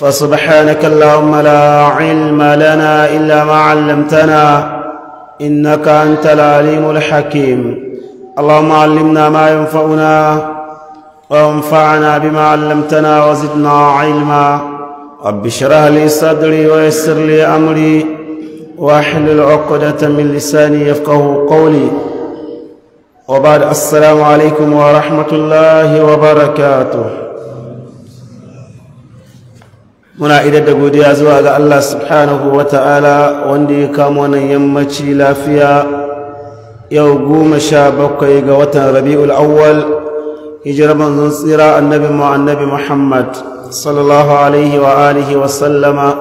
فسبحانك اللهم لا علم لنا الا ما علمتنا انك انت العليم الحكيم اللهم علمنا ما ينفعنا وانفعنا بما علمتنا وزدنا علما رب اشرح لي صدري ويسر لي امري واحلل عقدة من لساني يفقه قولي وبعد السلام عليكم ورحمة الله وبركاته muna idar da godiya zuwa ga Allah subhanahu wa ta'ala wanda ya kama wannan yammaci lafiya yau goma sha bakwai ga watan rabi'ul awwal hijirar manzon tsira annabi mu annabi muhammad sallallahu alaihi wa alihi wa sallama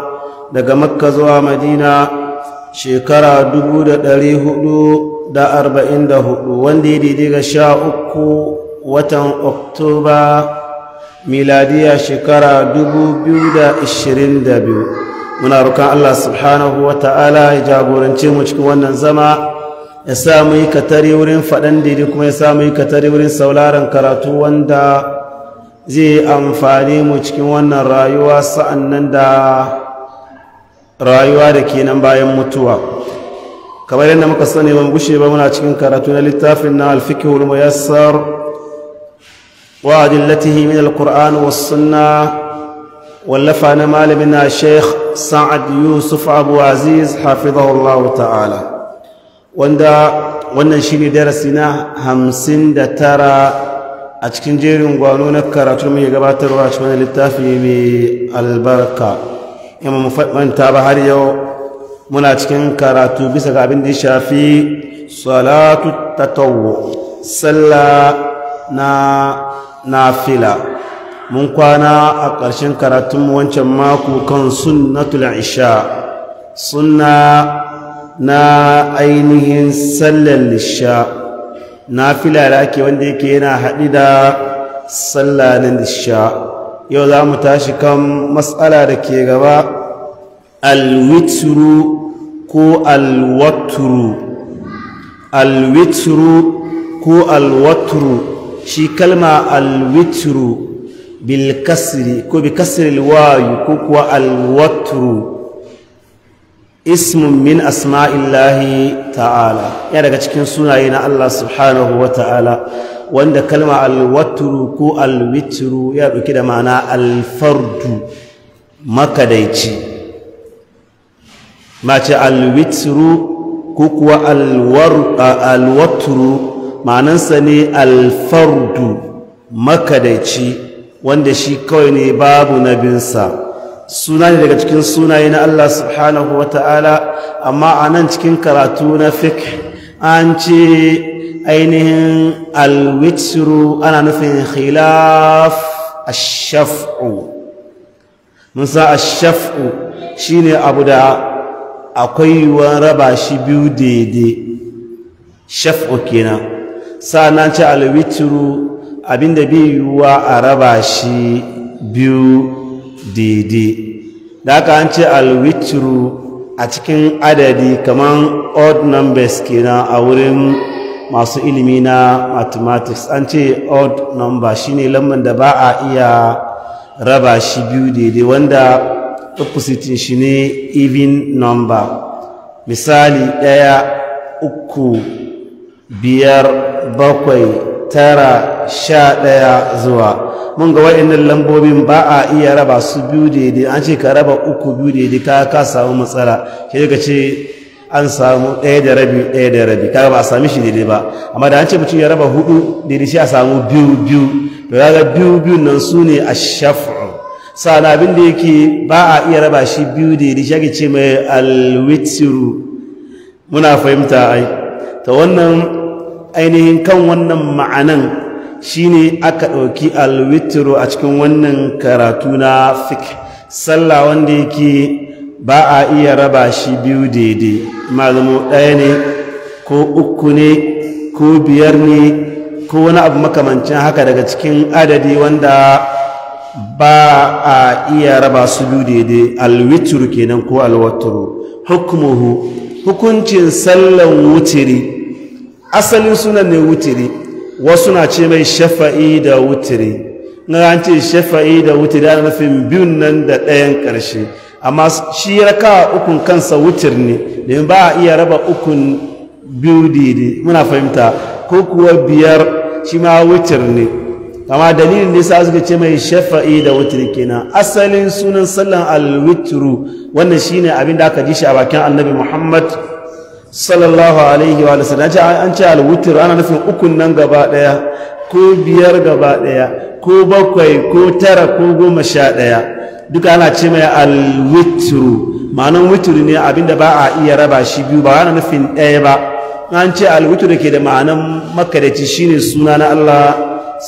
daga makka zuwa madina shekara dubu da ɗari hudu da arba'in da hudu wanda ya daidai ga sha uku watan oktoba miladiya shekara biyu. muna roƙon Allah subhanahu wa ta'ala ya jagorance mu cikin wannan zama ya sa mu yi katari wurin faɗan daidai kuma ya sa mu yi katari wurin sauraron karatu wanda zai amfani mu cikin wannan rayuwa sa'annan da rayuwa da ke nan bayan mutuwa kamar yadda muka sani mu gushe ba muna cikin karatu na littafin na alfikihul muyassar وأدلته من القرآن والسنة ولفنا مالمنا الشيخ سعد يوسف أبو عزيز حفظه الله تعالى وندا wannan shine darasi na tara, a cikin jerin gwano na karatu mai gabatarwa a cikin littafi mai albarka in mu manta ba har yau muna cikin karatu bisa ga abin da ya shafi salatu na nafila mun kwana a ƙarshen karatunmu wancan mako kan sunnatul isha sunna na ainihin sallar lisha nafila da ake wanda yake yana haɗi da sallar nisha yau za mu tashi kan matsala da ke gaba alwitru ko alwatru alwitru ko alwatru shi kalma alwitru bil kasri ko bi kasri alwayu ko kuwa alwatru ismun min asma'illahi ta'ala ya daga cikin sunaye na Allah subhanahu wa ta'ala wanda kalma alwatru ko alwitru ya ɗauki da ma'ana alfardu makadaici mace alwitru ko kuwa alwatru ma'anansa ne alfardu makadaici wanda shi kawai ne babu na binsa suna ne daga cikin sunaye na Allah subhanahu wa ta'ala amma a nan cikin karatu na fik an ce ainihin alwitsiru ana nufin khilaf ashaf'u mun sa ashaf'u shine abu da akwai yiwuwar raba shi biyu daidai shaf'u kenan sannan ce alwitru abinda bai yiwuwa a raba shi biyu daidai da aka an ce alwitru a cikin adadi kamar odd numbers kenan a wurin masu ilimi na mathematics an ce odd number shine lambar da ba a iya raba shi biyu daidai wanda opposite shi ne even number misali ɗaya uku biyar bakwai tara sha ɗaya zuwa mun ga waɗannan lambobin ba a iya raba su biyu daidai an ce ka raba uku biyu daidai ka ka samu matsala ke ka ce an samu ɗaya da rabi ɗaya da rabi kaga ba a sami shi daidai ba amma da an ce mutum ya raba hudu daidai shi a samu biyu biyu to ga biyu biyu nan su ne a shaf'u sana abin da yake ba a iya raba shi biyu daidai shi ake ce mai alwitiru muna fahimta ai ta wannan ainihin kan wannan ma'anan shine aka ɗauki alwitiro a cikin wannan karatu na fik sallah wanda yake ba a iya raba shi biyu daidai malamu ɗaya ne ko uku ne ko biyar ne ko wani abu makamancin haka daga cikin adadi wanda ba a iya raba su biyu daidai alwitru kenan ko alwatru hukumuhu hukuncin sallan wutiri asalin sunan ne wutiri wasu na ce mai shafa'i da wutiri na an ce shafa'i da wutiri ana nufin biyun nan da ɗayan ƙarshe amma shi ya kawa ukun kansa wutir ne domin ba a iya raba ukun biyu didi muna fahimta ko kuwa biyar shi ma wutir ne amma dalilin nisa suka ce mai shafa'i da wutir kenan asalin sunan sallan alwitiru wannan shine abin da aka ji shi a bakin annabi muhammad sallallahu alaihi wa sallam ce an ce alwutur ana nufin ukun nan gaba daya ko biyar gaba daya ko bakwai ko tara ko goma sha daya duka ana ce mai alwuturu ma'anan wuturu ne abinda ba a iya raba shi biyu ba ana nufin ɗaya ba an ce da ke da ma'anan makadaci shine suna na Allah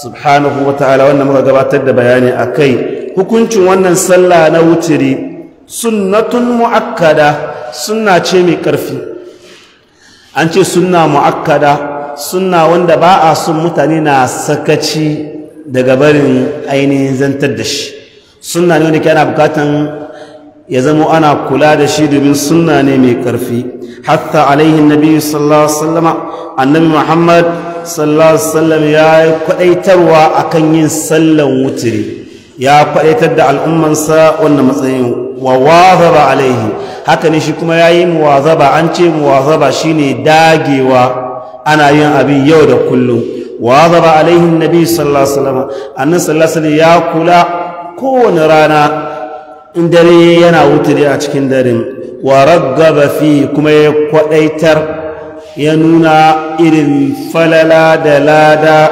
subhanahu wa ta'ala wannan muka gabatar da bayani a kai hukuncin wannan sallah na wuturi sunnatun mu'akkada sunna ce mai karfi an ce sunna mu'akkada sunna wanda ba a sun mutane na sakaci daga barin ainihin zantar da shi sunna ne wanda ke ana bukatan ya zama ana kula da shi domin sunna ne mai karfi hatta alaihin nabi sallallahu alaihi wasallama annabi muhammad sallallahu alaihi wasallam ya yi kwadaitarwa akan yin sallan wutiri ya kwadaitar da al'ummansa wannan matsayin wa wazaba alaihi haka ne shi kuma yayi muwazaba an ce muwazaba shine dagewa ana yin abin yau da kullum wazaba alaihi nabi sallallahu alaihi wasallam annabi sallallahu alaihi ya kula kowane rana in dare yana wuturi a cikin darin wa raggaba fi kuma ya kwadaitar ya nuna irin falala da lada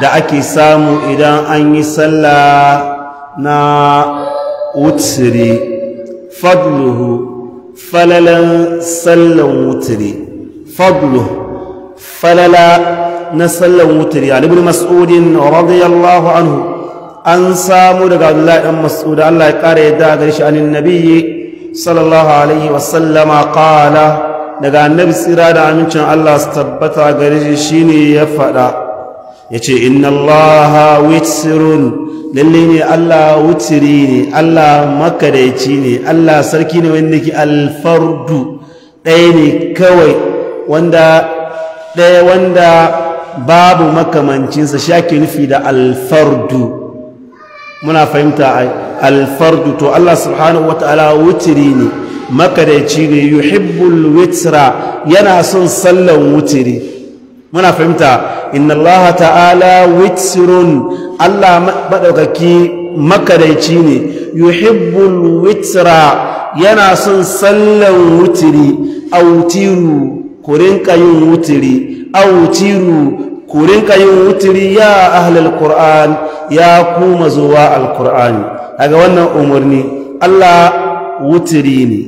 da ake samu idan an yi sallah na wuturi fadluhu فللا سلا وتري فضله فللا نسلا وتري علي يعني ابن مسعود رضي الله عنه انسام رضي الله عن مسعود الله يقرا داغرش عن النبي صلى الله عليه وسلم قال دغا النبي سيرا من الله استبت غرش شيني يفدا ya ce inna allaha witrun lalle ne allah wutiri ne allah makadaici ne allah sarki ne wanda ke alfardu ɗaya ne kawai wanda ɗaya wanda babu makamancinsa shi ake nufi da alfardu muna fahimta alfardu to allah subhanahu wa ta'ala wutiri ne makadaici ne yuhibbul witira yana son sallan wutiri muna fahimta inna Allah ta'ala witsirun Allah maɗaukaki makadaici ne yuhibbul witra yana son sallan wutiri autiru ku rinka yin wutiri autiru ku rinka yin wutiri ya ahlul qur'an ya ku mazuwa daga wannan umarni Allah wutiri ne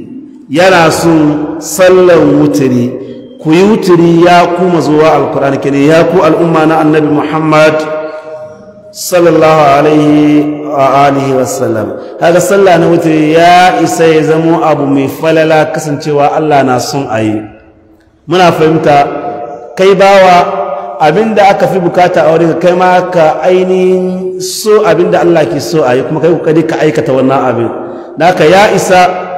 yana son sallan wutiri ku yi wuturi ya ku mazuwa alkur'ani ne ya ku al'umma na annabi muhammad sallallahu alaihi wa alihi wasallam haka sallah na wuturi ya isa ya zamo abu mai falala kasancewa allah na son ayi. muna fahimta kai bawa abinda aka fi bukata a wurin kai ma ka ainihin so abinda allah ke so a yi kuma kai kadi ka aikata wannan abin naka ya isa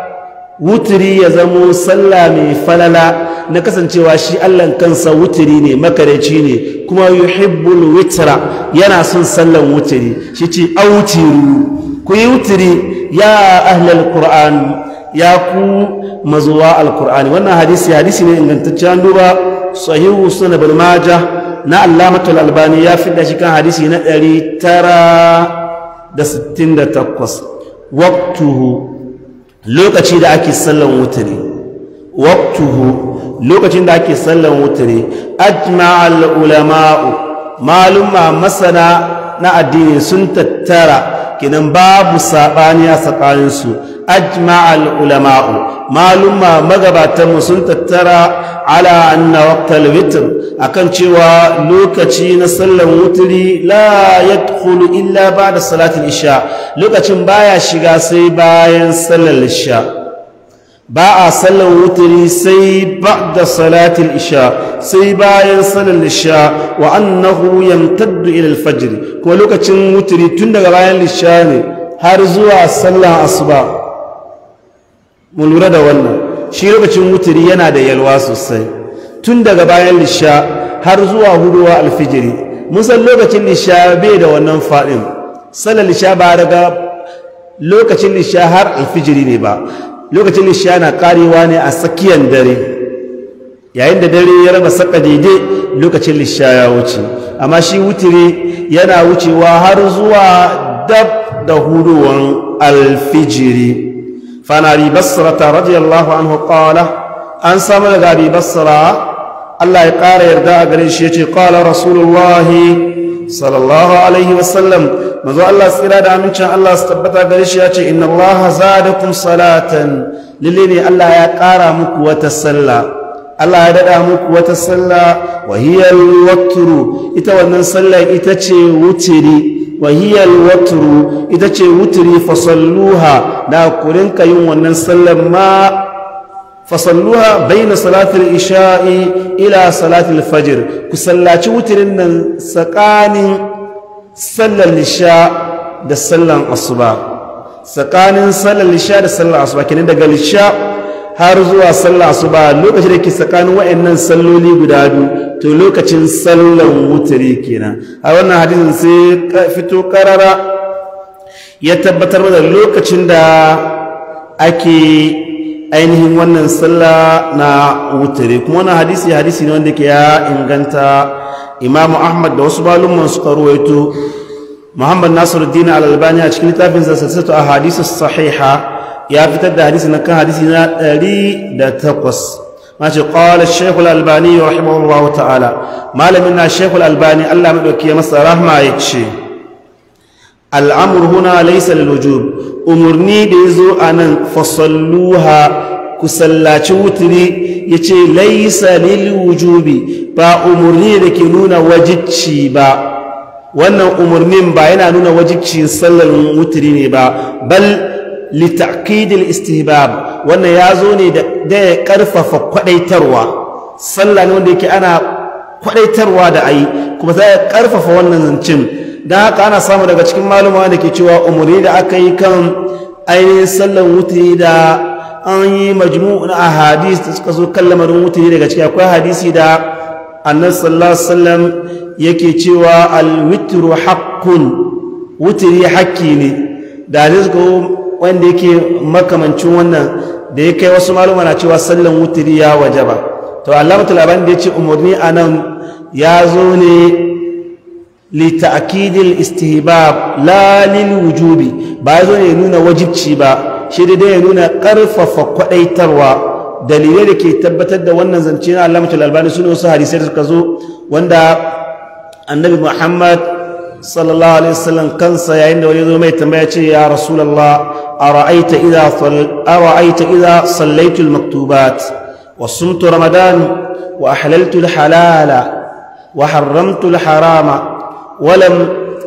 wuturi ya zamo sallah mai falala na kasancewa shi allan kansa wuturi ne makareci ne kuma yuhibbul witra yana son sallan wuturi shi ce autiru ku yi wuturi ya ahlal qur'an ya ku mazuwa alkur'ani wannan hadisi hadisi ne ingantacce an duba sahihu sunan na allamatul albani ya da shi kan hadisi na 968 waqtuhu lokaci da ake sallan wutiri waqtuhu lokacin da ake sallan wutiri ajma'al ulama'u malumma masana na addini sun tattara kenan babu saɓani a tsakaninsu ajma'al ulama'u malumma magabatan mu sun tattara ala anna waqtal witr akan cewa lokaci na sallar wuturi la yadkhulu illa ba'da salatin isha lokacin baya shiga sai bayan sallar isha ba a sallan wuturi sai ba da salatin isha sai bayan sallan isha wa annahu yamtaddu ila alfajr ko lokacin wuturi tun daga bayan isha ne har zuwa sallan asuba mu lura da wannan shi lokacin wuturi yana da yalwa sosai tun daga bayan isha har zuwa huduwa alfijiri mun san lokacin isha bai da wannan fadin sallan isha ba daga lokacin isha har alfijiri ne ba lokacin lishiya na karewa ne a tsakiyar dare yayin da dare ya raba saka daidai lokacin lishiya ya wuce amma shi wutiri yana wucewa har zuwa dab da huduwan alfijiri fana ta, radiyallahu anhu qala an samu daga ribasara Allah ya ƙara yarda a garin shi ya ce ƙala rasulullahi sallallahu alaihi wasallam manzo Allah tsira da amincin Allah su tabbata gare shi ya ce inna Allah zadakum salatan lalle ne Allah ya ƙara muku wata sallah Allah ya dada muku wata sallah wa waturu. al ita wannan sallah ita ce wutiri wa hiya ita ce wutiri fasalluha da ku rinka yin wannan sallar ma fasalluha baina salatul isha'i ila salatul fajr ku sallaci wutirin nan tsakanin sallar lisha da sallar asuba tsakanin sallar lisha da sallar asuba kenan daga lisha har zuwa sallar asuba lokacin da ke tsakanin wa'annan salloli guda biyu to lokacin sallar wutari kenan a wannan hadisin sai fito karara ya tabbatar da lokacin da ake ainihin wannan sallah na wutare kuma wannan hadisi hadisi ne wanda ke ya inganta imamu ahmad da wasu malumman suka ruwaito muhammad Nasiru al-albani a cikin littafin sa a hadisu sahiha ya fitar da hadisi na kan hadisi na 108 mace ƙwalar shekul albani ya rahimahullahu ta'ala malamin na shekul albani allah maɗauki ya masa rahma ya ce al'amur huna laisa lil wujub umarni da ya zo a nan fasalluha ku sallaci wuturi ya ce laisa wujubi ba umarni da ke nuna wajicci ba wannan umarnin ba yana nuna wajibcin sallar wuturi ne ba bal litakidil istihbab wannan ya zo ne da ya karfafa kwadaitarwa Sallar ne wanda yake ana kwadaitarwa da ayi kuma sai ya karfafa wannan zancin dan haka ana samu daga cikin maluma da ke cewa umarni da aka yi kan ainihin sallar wuturi da an yi majmu'un ahadis da suka zo kan lamarin mutane daga ciki akwai hadisi da annabi sallallahu alaihi wasallam yake cewa al-witru haqqun wutri haqqi ne da hadis ko wanda yake makamancin wannan da ya kai wasu maluma na cewa sallan wutri ya wajaba to alamatul aban da yace umurni anan ya zo ne لتأكيد الاستهباب لا للوجوب ya nuna wajibci ba. shi dai ya nuna karfafa kwadaitarwa dalilai da ke tabbatar da wannan zance na Allamatul Albani sune wasu hadisai da suka zo wanda Annabi Muhammad sallallahu alaihi wasallam kansa yayin da wani zo mai tambaya ce ya Rasulullah ara'aita idza ara'aita idza maktubat wa sumtu ramadan wa ahlaltu al-halala wa harramtu al-harama wa lam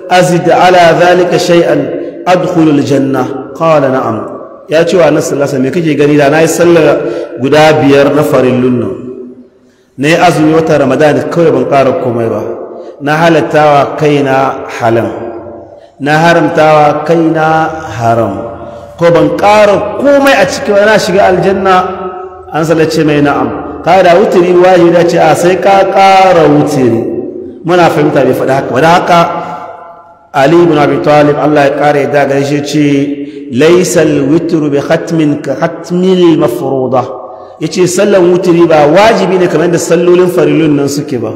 azid ala dhalika shay'an adkhulu al-janna qala na'am ya ce wa nasu lasa mai kake gani da na yi sallar guda biyar na farin lullu. na yi azumi wata ramadana kawai ban ƙara komai ba na halattawa kaina halam na haramtawa na haram ko ban ƙara komai a cikin na shiga aljanna an salace mai na'am ka da wutiri da ce a sai ka ƙara wutiri muna fahimta bai faɗi haka wadda haka ali ibn abi talib Allah ya ƙara ya daga shi ce laysa alwitru bi khatmin ka khatmil mafruda yace sallan wutri ba wajibi ne kamar da sallolin farilun nan suke ba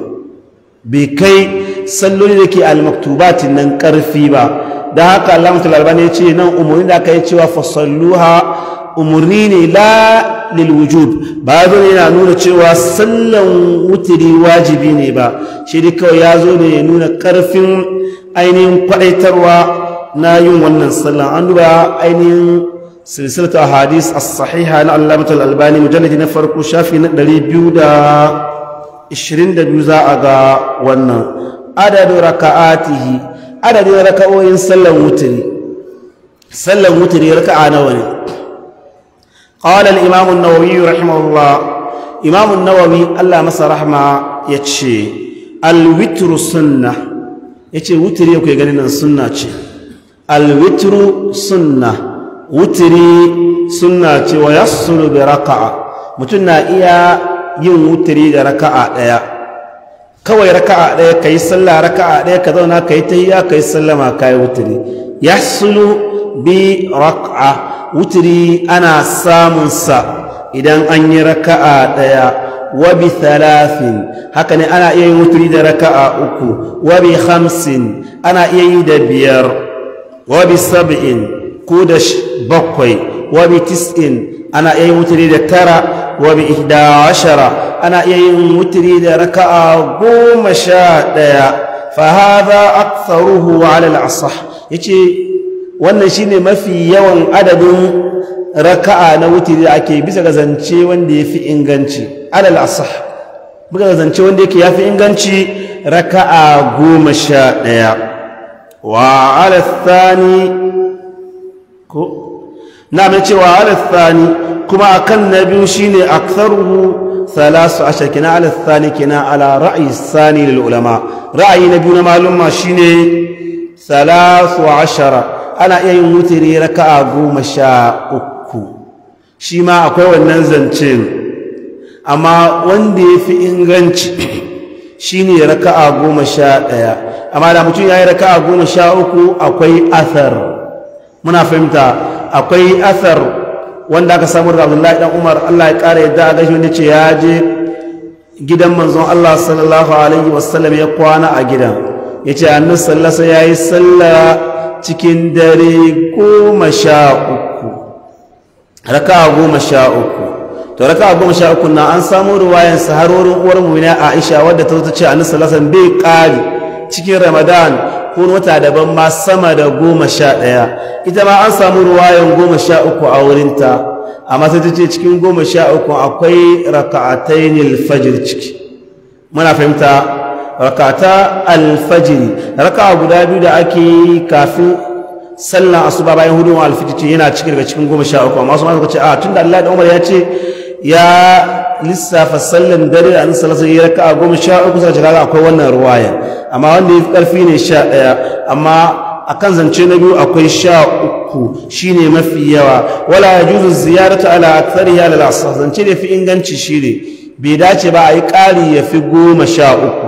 bai kai salloli da ke almaktubatin nan karfi ba da haka Allah mutul ya ce nan umarni da aka yi cewa fasalluha umarni ne la lil wujub ba zo yana nuna cewa sallan wutiri wajibi ne ba shi ya zo ne ya nuna ƙarfin ainihin kwaɗaitarwa na yin wannan sallah an duba ainihin silsilatu a hadis a sahiha na allamatul albani mujalladi na farko shafi na 222 za a ga wannan adadin raka'atihi adadin raka'o'in sallan wuturi sallan wutiri raka'a nawa ne nawawi rahimahullah imamun nawawi, Allah masa rahma ya ce رحمة يتشي ya ce wuturi ya يوكي ganin sunna ce. alwitru sunna wutiri sunna ce wa yassulu bi raka'a mutum na iya yin wutiri da raka'a ɗaya kawai raka'a ɗaya ka yi sallah raka'a ɗaya ka zauna ka yi tahiya ka yi sallama ka yi wutiri yassulu bi raka'a wutiri ana samunsa idan an yi raka'a ɗaya wabi bi thalathin haka ne ana iya yin wutiri da raka'a uku wabi hamsin ana iya yi da biyar wabi bi sab'in ko da bakwai wabi tis'in ana iya yin wutiri da tara wabi bi ihda ana iya yin wutiri da raka'a goma sha ɗaya fahaza aktharuhu ala al-asah yace wannan shine mafi yawan adadin raka'a na wutiri da ake bisa ga zance wanda yafi inganci ala al-asah bisa ga zance wanda yake yafi inganci raka'a ɗaya. wa ala thani ko na mai cewa ala thani kuma akan na biyu shine aktharuhu thalasu ashar kina ala kina ala ra'ayi sani lil ra'ayi na biyu na malumma shine thalasu ashara ana iya yin wutiri raka'a goma sha uku shi ma akwai wannan zancen amma wanda ya fi inganci shine raka'a goma sha ɗaya amma da mutum ya yi raka'a goma sha uku akwai athar muna fahimta akwai athar wanda aka samu da abdullahi dan umar allah ya ƙara yadda a gashi wanda ce ya je gidan manzon allah sallallahu alaihi wasallam ya kwana a gidan ya ce annabi sallasa ya yi salla cikin dare goma sha uku raka'a goma sha uku to raka goma sha uku na an samu ruwayan saharorin uwar mu'mina Aisha wadda ta zo ce a sallallahu alaihi bai kari cikin Ramadan ko wata daban ma sama da goma sha ɗaya ita ma an samu ruwayan goma sha uku a wurinta amma sai ta ce cikin goma sha uku akwai raka'atayn al ciki muna fahimta rakata alfajiri raka'a guda biyu da ake kafin sallar asuba bayan hudun alfiti yana cikin daga cikin goma sha uku amma su ma suka ce a tun da Allah da Umar ya ce ya lissafa sallan dare a annabi sallallahu yi raka a goma sha uku sa cikaka akwai wannan ruwaya amma wanda ya yafi karfi ne sha daya amma a kan zance na biyu akwai sha uku shine mafi yawa wala ya yajuzu ziyarata ala tsari ya lalasa zance da fi inganci shi ne. bai dace ba a yi ƙari ya fi goma sha uku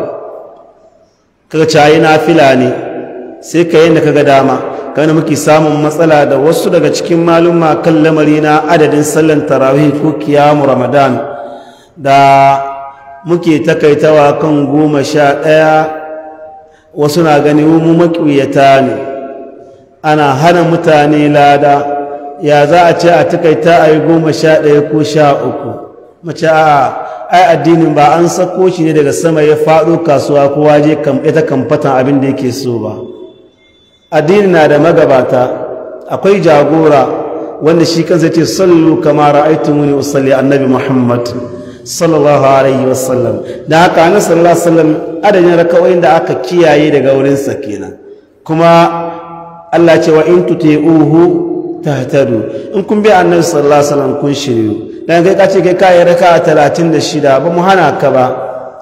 kaga cayi fila ne sai ka ka kaga dama kana muke samun matsala da wasu daga cikin maluma kan lamari na adadin sallan tarawih ko kiyamu ramadan da muke takaitawa kan goma sha ɗaya wasu na gani mu maƙiyata ne ana hana mutane lada ya za a ce a takaita a yi goma sha ɗaya ko sha uku mace a ai addinin ba an sako shi ne daga sama ya faɗo kasuwa kowa je ita kamfatan abin da yake so ba addini na da magabata akwai jagora wanda shi kansa ce sallu kama ra'aytumuni usalli annabi muhammad sallallahu alaihi wasallam da haka annabi sallallahu alaihi wasallam adadin rakawai da aka kiyaye daga wurin sa kenan kuma Allah ce wa in tuti'uhu tahtadu in kun bi annabi sallallahu alaihi wasallam kun shiryu dan kai ka ce kai yi raka'a 36 ba mu hana ka ba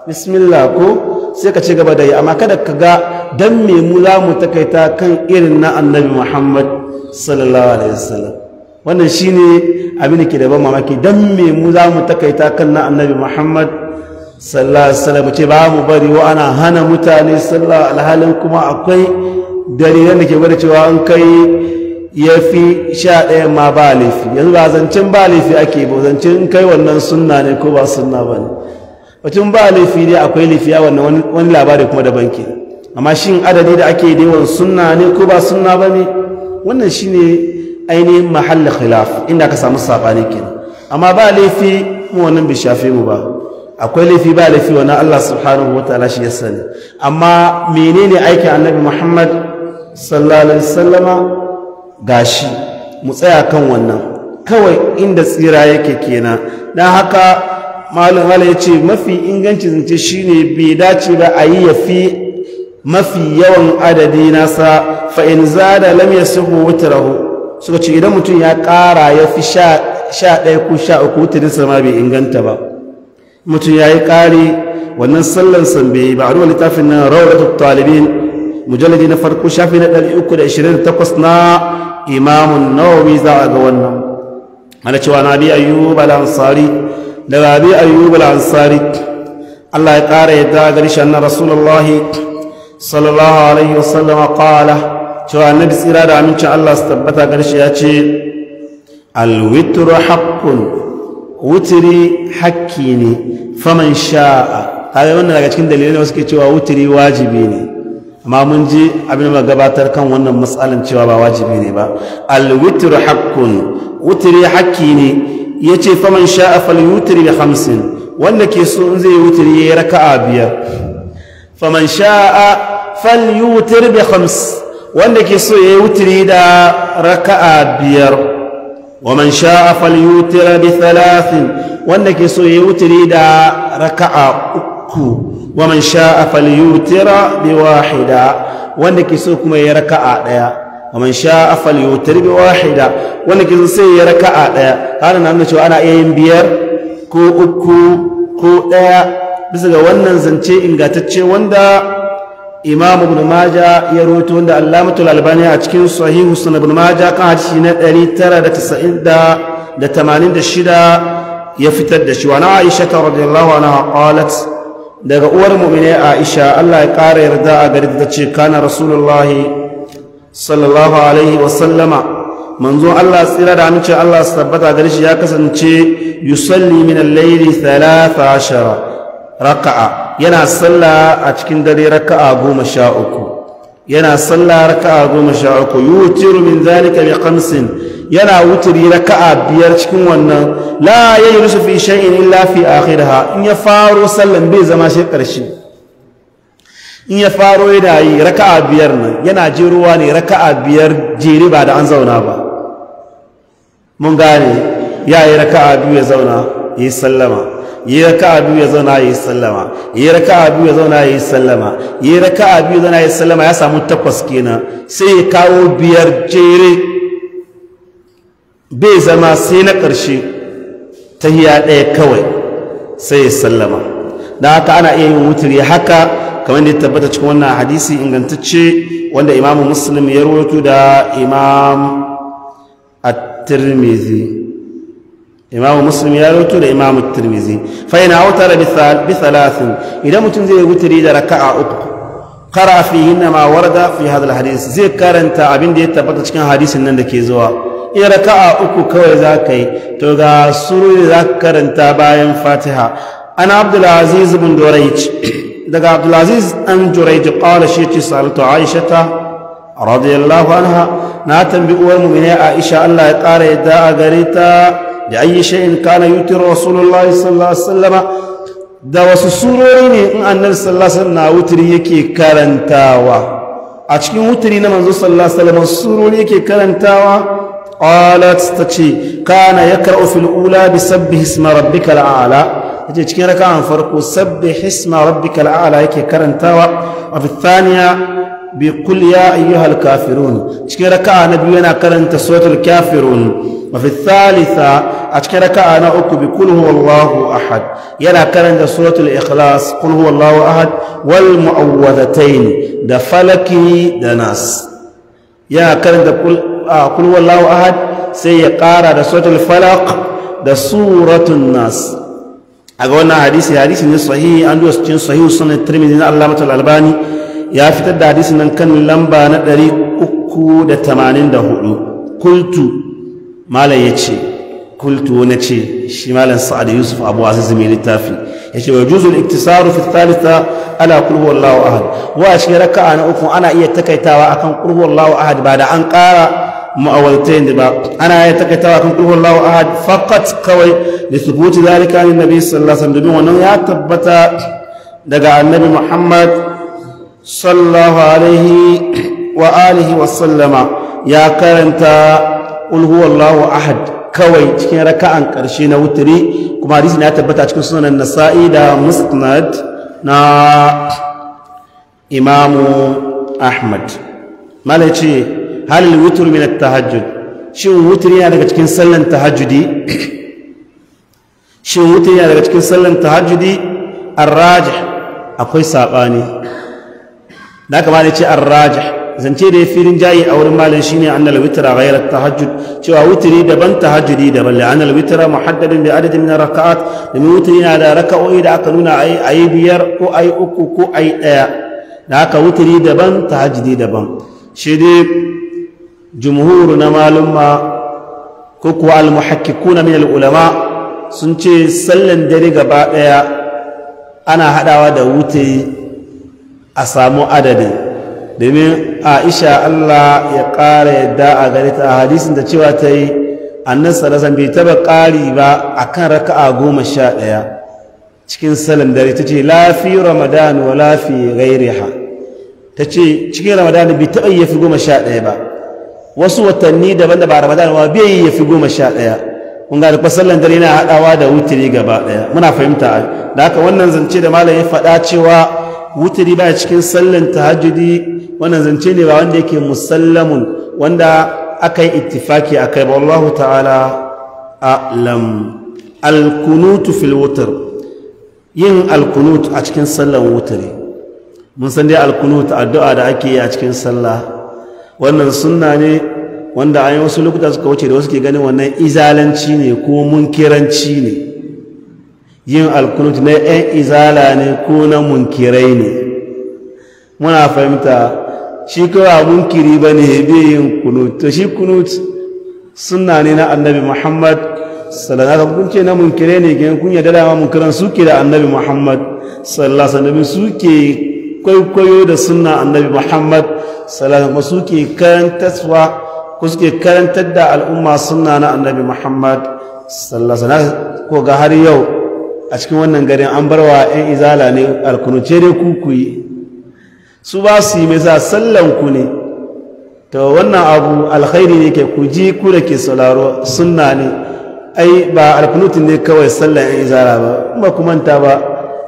bismillah ko sai ka ci gaba da yi amma kada ka ga don me mu za mu takaita kan irin na annabi muhammad sallallahu alaihi wasallam wannan shine abin da ke da ban mamaki don me mu za mu takaita kan na annabi muhammad sallallahu alaihi wasallam ce ba mu bari wa ana hana mutane sallallahu alhalin kuma akwai dalilan da ke gwada cewa an kai ya fi sha ɗaya ma ba laifi yanzu ba zancen ba laifi ake ba zancen in kai wannan sunna ne ko ba sunna ba ne ba laifi ne akwai laifi a wannan wani labari kuma da banki. amma shin adadi da ake da yawan sunna ne ko ba suna ba ne wannan shi ne ainihin mahallin khilaf inda aka samu sabani kenan amma ba laifi mu wannan bai shafe mu ba akwai laifi ba laifi wannan Allah subhanahu ta'ala shi ya sani amma menene aikin annabi Muhammad sallallahu alaihi wasallama gashi mu tsaya kan wannan kawai inda tsira yake kenan dan haka malam ya ce mafi inganci zance shine bai dace ba a yi yafi mafi yawan adadi nasa fa in zada lam yasihu wutrahu suka ce idan mutum ya ƙara ya fi sha ɗaya ko sha uku wutrinsa ma bai inganta ba mutum ya yi ƙari wannan sallan san bai ba a ruwa littafin nan rawar talibin mujalladi na farko shafi na ɗari uku da ishirin da takwas na imamun nawawi za a ga wannan ana cewa na bi ayyub da ansari daga bi ayyub da ansari Allah ya ƙara yadda ga rishan na rasulullahi sallallahu alaihi wasallama qala cewa annabi tsira da aminci Allah su tabbata garshe ya ce alwitru haqqun wutri hakki ne faman sha'a kaga wannan daga cikin dalilai ne wasu cewa wutri wajibi ne amma mun ji abin da gabatar kan wannan matsalan cewa ba wajibi ne ba alwitru haqqun wutri hakki ne yace faman sha'a falyutri bi khamsin wanda ke so in zai wutri yayi raka'a biyar faman sha'a falyutir bi khams wanda ke so yayi wutiri da raka'a biyar waman sha'a falyutir bi thalathin wanda ke so yayi wutiri da raka'a uku waman sha'a falyutir bi wahida wanda ke so kuma yayi raka'a daya ومن شاء فليوتر بواحدة وانا كذا سي ركعة هذا نعم نشوف أنا أيام بير كو أكو كو دا bisa ga wannan zance ingatacce wanda imamu ibn maja ya rawaito wanda allamatul albani a cikin sahihu sunan ibn maja kan hadisi na 986 ya fitar da shi wa na aisha ta radiyallahu anha qalat daga uwar mu'mine aisha Allah ya kara yarda a gari ta ce kana rasulullahi sallallahu alaihi wa sallama manzo Allah tsira da amince Allah tabbata gari shi ya kasance yusalli min al-layli 13 raka'a yana sallah a cikin dare raka'a goma sha uku yana sallah raka'a goma sha uku yutiru min zalika bi khamsin yana wuturi raka'a biyar cikin wannan la yajlisu fi shay'in illa fi in ya faro sallan bai zama shi karshe in ya faro yana yi raka'a biyar nan yana jeruwa ne raka'a biyar jere ba da an zauna ba mun gane ya yi raka'a biyu ya zauna ya yi sallama yi raka'a biyu ya zauna ya yi sallama yi raka'a biyu ya zauna ya yi sallama yi raka'a biyu ya zauna ya yi sallama ya samu takwas kenan sai ya kawo biyar jere bai zama sai na ƙarshe ta hiya ɗaya kawai sai ya sallama da haka ana iya yin wutar ya haka kamar da ya tabbata cikin wannan hadisi ingantacce wanda imamu muslim ya rawaito da imam at-tirmidhi imamu muslim ya rawaito da imamu tirmizi fa ina autara bi thalathin idan mutum zai wuturi da raka'a uku qara fihinna ma warada fi hadha hadis zai karanta abin da ya tabbata cikin hadisin nan da ke zuwa in raka'a uku kawai za ka to ga sururi za ka karanta bayan fatiha ana abdulaziz bin daga abdulaziz an jurayj qala shi ce salatu aishata radiyallahu anha na tambi uwar mu'mina aisha Allah ya kara yadda a gare ta بأي شيء كان يوتر رسول الله صلى الله عليه وسلم da wasu surori ne in annabi sallallahu na wutiri yake karantawa a cikin wutiri na manzo sallallahu alaihi surori yake karantawa ta tace kana ya fil fil'ula bi hisma rabbi rabbikal a'la yace cikin an farko sabbi isma rabbikal a'la yake karantawa a fi thaniya bi qul ayyuhal kafirun cikin raka'a na biyu yana karanta suratul kafirun wafi thalitha a cikin raka'a na uku bi kul huwallahu ahad yana karanta suratul ikhlas kul huwallahu ahad wal mu'awwadhatayn da falaki da nas yana karanta kul kul huwallahu ahad sai ya kara da suratul falaq da suratun nas a ga hadisi hadisi ne sahihi an duwa cikin sahihu sunan tirmidhi na allamatul albani ya fitar da hadisin nan kan lamba na 384 kultu malam ya ce kultu na ce shi malam sa'ad yusuf abu aziz mai littafi ya ce wa juzul iktisaru fi thalitha ala qul huwallahu ahad wa shi raka'a na uku ana iya takaitawa akan qul huwallahu ahad ba da an ƙara مؤولتين دبا أنا يتكتا وكم قل الله kawai فقط قوي لثبوت ذلك عن النبي صلى الله عليه وسلم وأنه يتبتا دقى النبي محمد صلى الله عليه wa sallama ya karanta. ulhuwallahu ahad kawai cikin raka'an ƙarshe na wuturi kuma hadisi na ya tabbata cikin sunan nasa'i da musnad na imamu ahmad malai ce halin wutur min tahajjud shin wutur yana daga cikin sallan tahajjudi shin wutur yana daga cikin sallan tahajjudi arrajih akwai sabani da kamar ya ce arrajih zance da ya fi rinjaye a wurin malin shine annal witra ghayra tahajjud cewa witri daban tahajjudi daban la annal witra muhaddadun bi adadin min raka'at domin witri na da raka'o'i da aka nuna a yi biyar ko yi uku ko yi daya da aka witri daban tahajjudi daban shi dai jumhur na malumma ko kuwa al muhakkikuna min al ulama sun ce sallan dare gaba daya ana hadawa da wutri a samu adadin domin aisha allah ya ƙara yadda a gare ta a hadisin da cewa ta yi annan sarasan bai taba ƙari ba a kan raka'a goma sha ɗaya cikin salin dare ta ce lafi ramadan wa lafi gairiha ta ce cikin ramadan bai taɓa yi ya fi goma sha ɗaya ba wasu watanni daban da ba ramadan ba bai yi ya fi goma sha ɗaya kun ga da sallan dare yana haɗawa da wutiri gaba ɗaya muna fahimta da haka wannan zance da malam ya faɗa cewa wutiri ba cikin sallan tahajjudi wannan zance ne ba wanda yake musallamun wanda aka yi ittifaki a kai ba wallahu ta'ala a'lam alkunutu fil wutar yin alkunutu a cikin sallan wutar mun san dai alkunutu addu'a da ake yi a cikin sallah wannan sunna ne wanda an yi wasu lokuta suka wuce da wasu ke ganin wannan izalanci ne ko munkiranci ne yin alkunutu na 'yan izala ne ko na munkirai ne muna fahimta shi kawai kiri ba ne biyun yin kunut ta shi kunut suna ne na annabi muhammad sallallahu alaihi kun ce na munkire ne ke kun yadda da kiran suke da annabi muhammad sallallahu alaihi suke kwaikwayo da sunna annabi muhammad sallallahu alaihi suke karantaswa suke karantar da al'umma sunna na annabi muhammad sallallahu alaihi ko ga har yau a cikin wannan garin an barwa 'yan izala ne alkunuce dai kukuyi su ba su yi mai sa sallan ku ne to wannan abu alkhairi ne ke ku ji ku da ke sauraro sunna ne ai ba alkunutin ne kawai sallan yan izala ba ba ku manta ba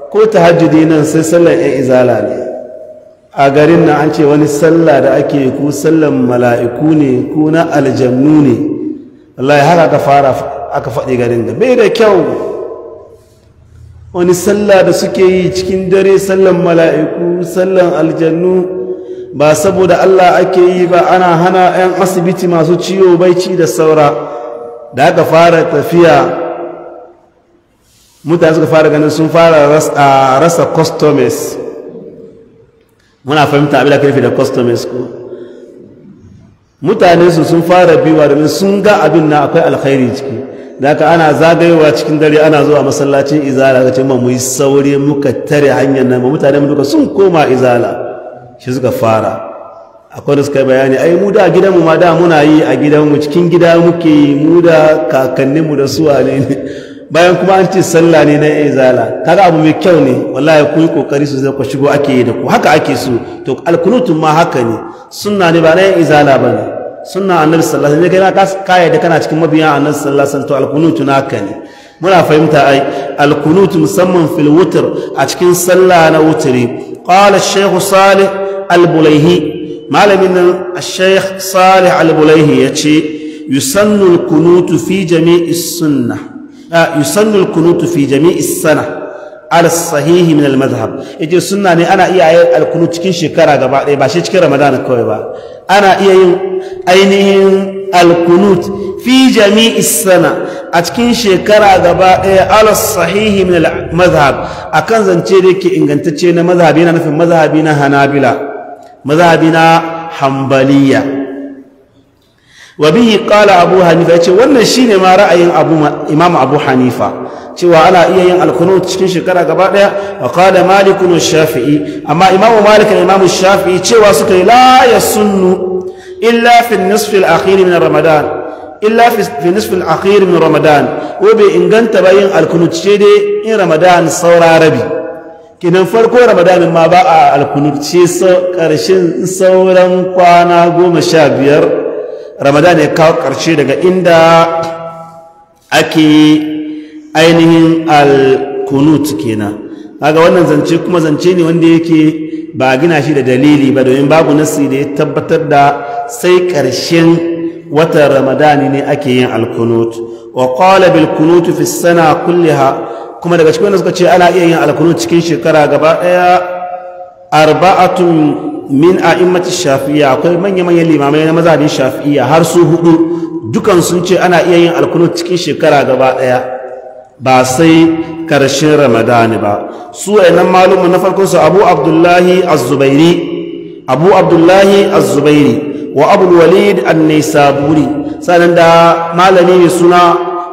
ko hajji nan sai sallan yan izala ne a garin nan an ce wani sallah da ake ku sallan mala'iku ne ku na aljannu ne wallahi har aka fara aka faɗi garin da bai da kyau wani sallah da suke yi cikin dare sallan mala'iku sallan aljannu ba saboda Allah ake yi ba ana hana 'yan asibiti masu ciwo baici da saura da aka fara tafiya mutane suka fara ganin sun fara rasa customers muna fahimta abin da ka da customers ko mutane sun fara biwa da sun ga abin na akwai alkhairi ciki daga ana zagayowa cikin dare ana zuwa masallacin izala ga cewa mu yi saure muka tare hanyar nan mutane mu duka sun koma izala shi suka fara akwai da suka bayani ai mu da gidan mu ma da muna yi a gidan mu cikin gida muke yi mu da kakannin mu da su ne bayan kuma an ce sallah ne na izala kaga abu mai kyau ne wallahi ku yi kokari su zai ku shigo ake yi da ku haka ake so to alkunutun ma haka ne sunna ne ba na izala ba ne sunna annabi sallallahu alaihi wasallam kai ka yadda kana cikin mabiya annabi sallallahu alaihi wasallam to alkunutu naka ne muna fahimta ai alkunutu musamman fil wutr a cikin sallah na wutri qala shaykh salih al-bulaihi malamin nan shaykh salih al-bulaihi yace yusannu alkunutu fi jami'i sunnah yusannu alkunutu fi jami'i sanah ala sahihi min al-madhhab yace sunna ne ana iya yin alkunu cikin shekara gaba ɗaya ba shi cikin ramadana kawai ba ana iya yin ainihin alkunut fi jami'i sana a cikin shekara gaba ɗaya ala sahihi min mazhab akan zance da yake ingantacce na mazhabi yana nufin mazhabi na hanabila mazhabi na hambaliya wa bihi qala abu hanifa yace wannan shine ma ra'ayin abu imam abu hanifa cewa ana iya yin alkunut cikin shekara gaba daya wa qala malik wa shafi'i amma imamu malik da imamu shafi'i cewa suka yi la yasunnu illa fi nisfi al-akhir min ramadan illa fi nisfi al-akhir min ramadan wa bai inganta ba yin alkunut ce dai in ramadan saura rabi kinan farko Ramadan ma ba a alkunut ce karshen sauran kwana goma sha biyar ramadan ya kawo karshe daga inda ake ainihin al-kunut kenan kaga wannan zance kuma zance ne wanda yake ba gina shi da dalili ba domin babu nasi da ya tabbatar da sai karshen watan ramadani ne ake yin al-kunut wa qala bil kunut fi sana kuma daga cikin wanda suka ce ana iya yin al-kunut cikin shekara gaba daya arba'atun min a'immati shafi'iyya akwai manya manyan limamai na mazhabin shafi'iyya har su hudu dukan sun ce ana iya yin al-kunut cikin shekara gaba daya ba sai ƙarshen ramadani ba su nan malumin na farkon su abu abdullahi az-zubairi abu abdullahi az-zubairi wa abu walid an-naisaburi sanan da malami mai suna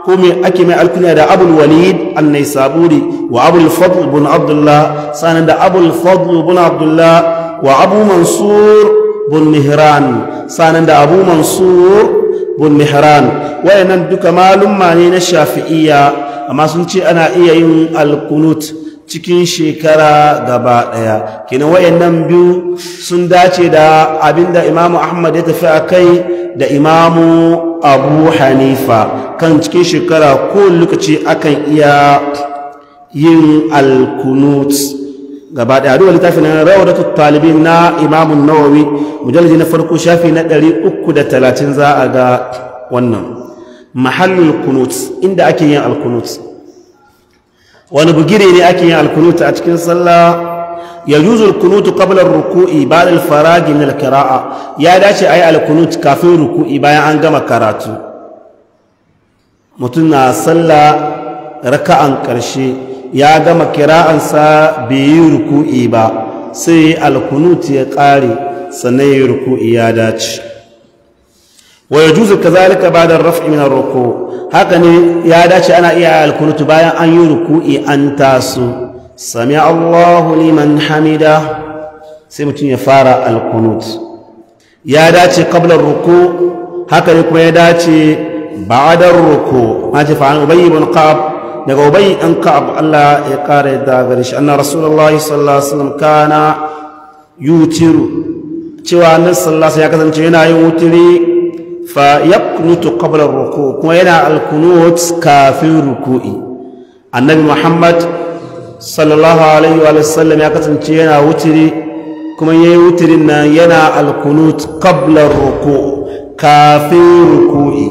ko mai ake mai alkunya da abu walid an-naisaburi wa abu fadl ibn abdullah sanan da abu fadl ibn abdullah wa abu mansur ibn mihran sanan da abu mansur ibn mihran wayannan duka malumma ne na shafi'iyya amma sun ce ana iya yin alkunut cikin shekara gaba daya kenan wayannan biyu sun dace da abinda imamu ahmad ya tafi a kai da imamu abu hanifa kan cikin shekara ko lokaci akan iya yin alkunut gaba daya duk littafin na rawdatu talibin na imamu nawawi mujalladi na farko shafi na 330 za a ga wannan mahallin kunut inda ake yin alkunut wani bugire ne ake yin alkunut a cikin sallah ya juzul kunutu qabla ruku'i ba'da al-faragi ya dace ayi alkunut kafin ruku'i bayan an gama karatu mutum na sallah raka'an karshe ya gama kira'ansa bai yi ruku'i ba sai alkunut ya ƙare sannan ya yi ruku'i ya dace wa yajuzu kadhalika ba'da ar-raf'i min ruku haka ne ya dace ana iya al-kunut bayan an yi ruku'i an tasu sami Allahu liman hamida sai mutum ya fara alkunutu. ya dace qabla ruku haka ne kuma ya dace ba'da ar-ruku ma ta fa'an ubay ibn qab daga ubay dan qab Allah ya kare da gare shi anna rasulullahi sallallahu alaihi wasallam kana cewa annabi sallasa ya kasance yana yin wutiri fa yaqnutu qabla ruku kuma yana alkunut kafin ruku'i annabi muhammad sallallahu alaihi wa sallam ya kasance yana wuturi kuma yayi wuturin na yana alkunut qabla ruku kafin ruku'i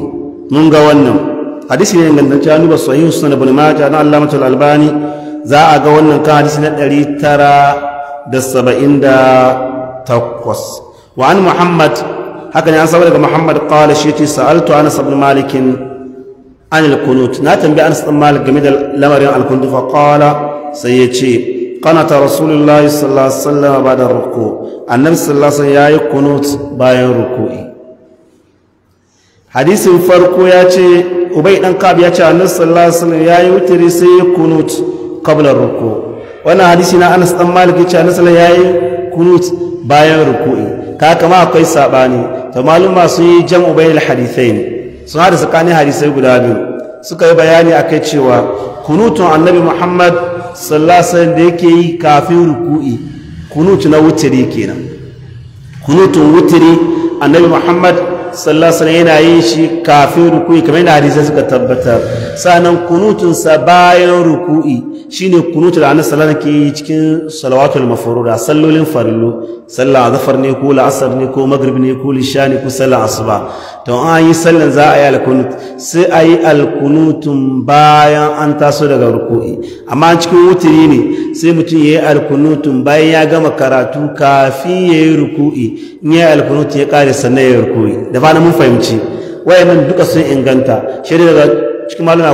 mun ga wannan hadisi ne ingantacce an duba sahihu sunan ibn majah na allamatul albani za a ga wannan kan hadisi na 978 wa an muhammad haka ne an samu daga Muhammad qala shi ce sa'altu Anas ibn malikin an al na tambayi Anas ibn Malik game da lamarin alkundu fa qala sai ce kanata Rasulullah sallallahu alaihi wasallam da ruku annabi sallallahu alaihi wasallam yayi qunut bayan ruku'i hadisin farko ya ce ubai dan kab ya ce annabi sallallahu alaihi wasallam yayi wutiri sai ya kunut qabla ruku wannan hadisi na Anas dan Malik ya ce annabi sallallahu alaihi wasallam yayi bayan ruku'i ka kama akwai sabani ta maluma sun yi jam'u bainal hadithai sun hada tsakanin hadisai guda biyu suka yi bayani akai cewa kunutun annabi muhammad sallallahu da yake yi kafin ruku'i kunutu na wutiri kenan kunutun wutiri annabi muhammad sallasana yana yin shi kafin ruku'i kamar yana hadisai suka tabbatar sanan kunutunsa bayan ruku'i shine kunutu da annabi sallallahu alaihi yi cikin salawatul mafruda sallolin farillo sallah azhar ne ko la'asar ne ko maghrib ne ko lisha ne ko sallah asuba to an yi sallan za a yi alkunut sai a yi alkunutun bayan an taso daga ruku'i amma cikin wuturi ne sai mutum ya yi alkunutun bayan ya gama karatu kafin ya yi ruku'i in ya yi alkunutun ya kare sannan ya yi ruku'i da fana mun fahimci waye wayannan duka sun inganta shi daga cikin malama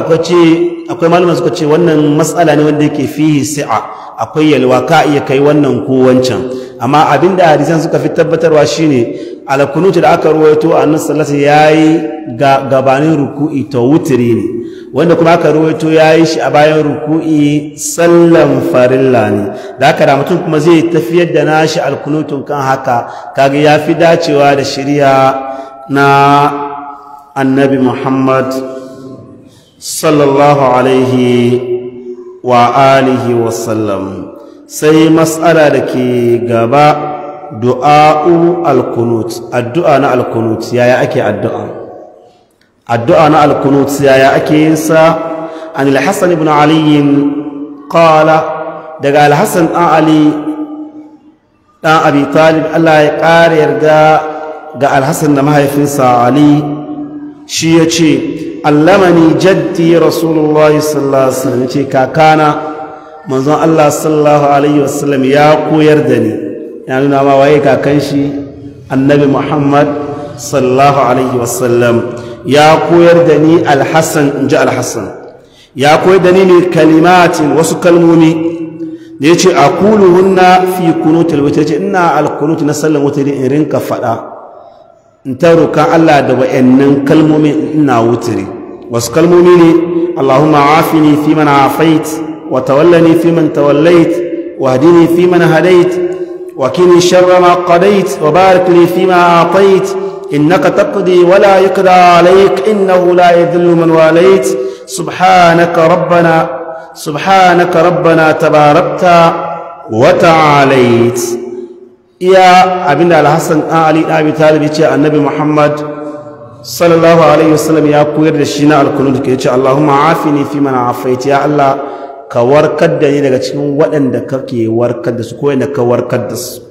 akwai malama suka ce wannan matsala ne wanda yake fihi si'a akwai yalwa ka iya kai wannan ko wancan amma abinda hadisan suka fi tabbatarwa shine alkunutu da aka ruwaito nan sallallahu alaihi yayi gabanin ruku'i to wutiri ne wanda kuma aka ruwaito yayi shi a bayan ruku'i sallan farilla ne da aka da mutum kuma zai tafiyar da nashi alkunutun kan haka kaga yafi dacewa da shari'a na annabi Muhammad sallallahu alaihi wa alihi wasallam sai matsala da ke gaba du'a'u alkunut addu'a na alkunut yaya ake addu'a addu'a na alkunut yaya ake yin sa an al ibn ali qala daga alhassan dan ali dan abi talib Allah ya kare yarda ga alhassan hasan da mahaifinsa ali shi ya yace allamani jaddi rasulullahi sallallahu alaihi wasallam ce kakana manzon Allah sallallahu alaihi wasallam ya koyar da ni ya nuna ma waye kakan shi annabi Muhammad sallallahu alaihi wasallam ya koyar da ni alhassan in ji alhassan ya koyar da ni ne kalimatin wasu kalmomi da ya ce a kuluhunna fi kunutul wuta ce ina alkunutu na sallan wuta in rinka faɗa in ta roƙa Allah da wa'annan kalmomi ina wutiri wasu kalmomi ne Allahumma afini fi man afait wa tawallani fi man tawallait wa hadini fi man hadait wa kini sharra ma qadait wa barik li fi ma atait innaka taqdi wa la yuqda alayk innahu la yadhillu man walait subhanaka rabbana subhanaka rabbana tabarakta wa ta'alait iya abinda alhassan ali abi talib ce annabi muhammad sallallahu alaihi wasallam ya koyar da shi na da ke ce Allahumma afini fi man afaiti ya Allah ka warkar da ni daga cikin waɗanda kake warkar da su ko yanda ka warkar da su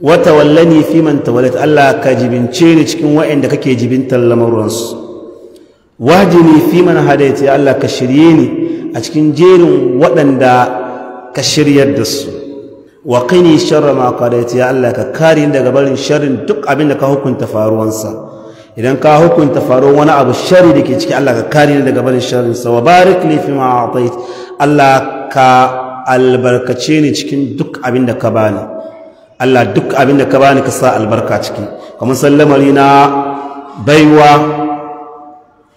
wa tawallani fi man tawallat Allah ka jibince ni cikin waɗanda kake jibintar lamarin Waje wajini fi man hadaita ya Allah ka shirye ni a cikin jerin waɗanda ka shiryar da su wa qini sharra ma qadayta ya Allah ka kare ni daga barin sharrin duk abin ka hukunta faruwansa idan ka hukunta faruwan wani abu da ke ciki Allah ka kare ni daga barin sharrin sa wa barik li fi ma atait Allah ka albarkace ni cikin duk abin da ka bani Allah duk abin da ka bani ka sa albarka ciki kamar sallamari na baiwa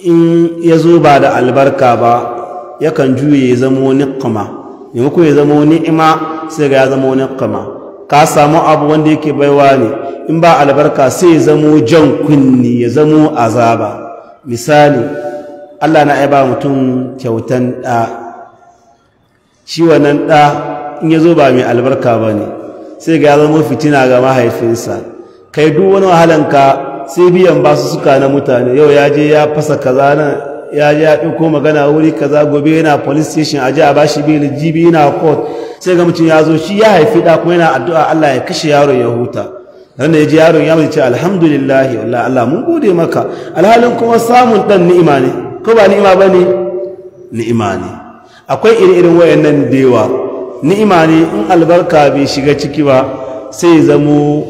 in ya zo ba da albarka ba yakan juya ya zamo niqma maimako ya zama wani ima sai ga ya zama wani kama ka samu abu wanda yake baiwa ne in ba albarka sai ya zamo jan kunni ya zama azaba misali Allah na aiba mutum kyautan ɗa shi wannan ɗa in ya zo ba mai albarka ba ne sai ga ya zama fitina ga mahaifinsa kai duk wani wahalanka sai biyan basu suka na mutane yau ya je ya fasa kaza na ya ji ya ɗauko magana wuri kaza gobe yana police station a ji a bashi bil jibi yana court sai ga mutum ya zo shi ya haifi da kuma yana addu'a Allah ya kashe yaron ya huta ranar ya ji yaron ya mace alhamdulillah wallah Allah mun gode maka alhalin kuma samun dan ni'ima ne ko ba ni'ima ba ne ni'ima ne akwai iri-irin wayannan dewa ni'ima ne in albarka bai shiga ciki ba sai zamo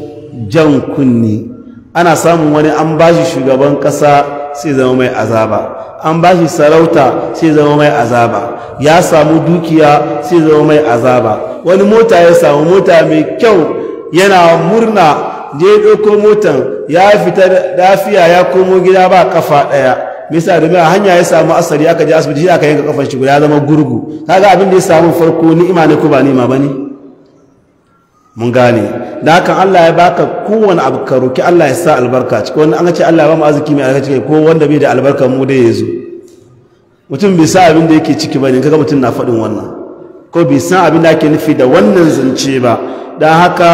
jan kunni ana samun wani an bashi shugaban ƙasa sai zama mai azaba an ba shi sarauta sai zama mai azaba ya samu dukiya sai zama mai azaba wani mota ya samu mota mai kyau yana murna je ɗauko motan ya fita lafiya ya komo gida ba kafa ɗaya misa da a hanya ya samu asali aka je asibiti shi aka yanka kafar shi guda zama gurgu kaga abin da ya samu farko ni'ima ne ko ba ni'ima bane mun gane da haka Allah ya baka kowane abu ka roki Allah ya sa albarka ciki wanda an ce Allah ya ba mu arziki mai albarka ciki ko wanda bai da albarka mu dai ya zo mutum bai san abin da yake ciki ba ne kaga mutum na faɗin wannan ko bai san abin da ake nufi da wannan zance ba da haka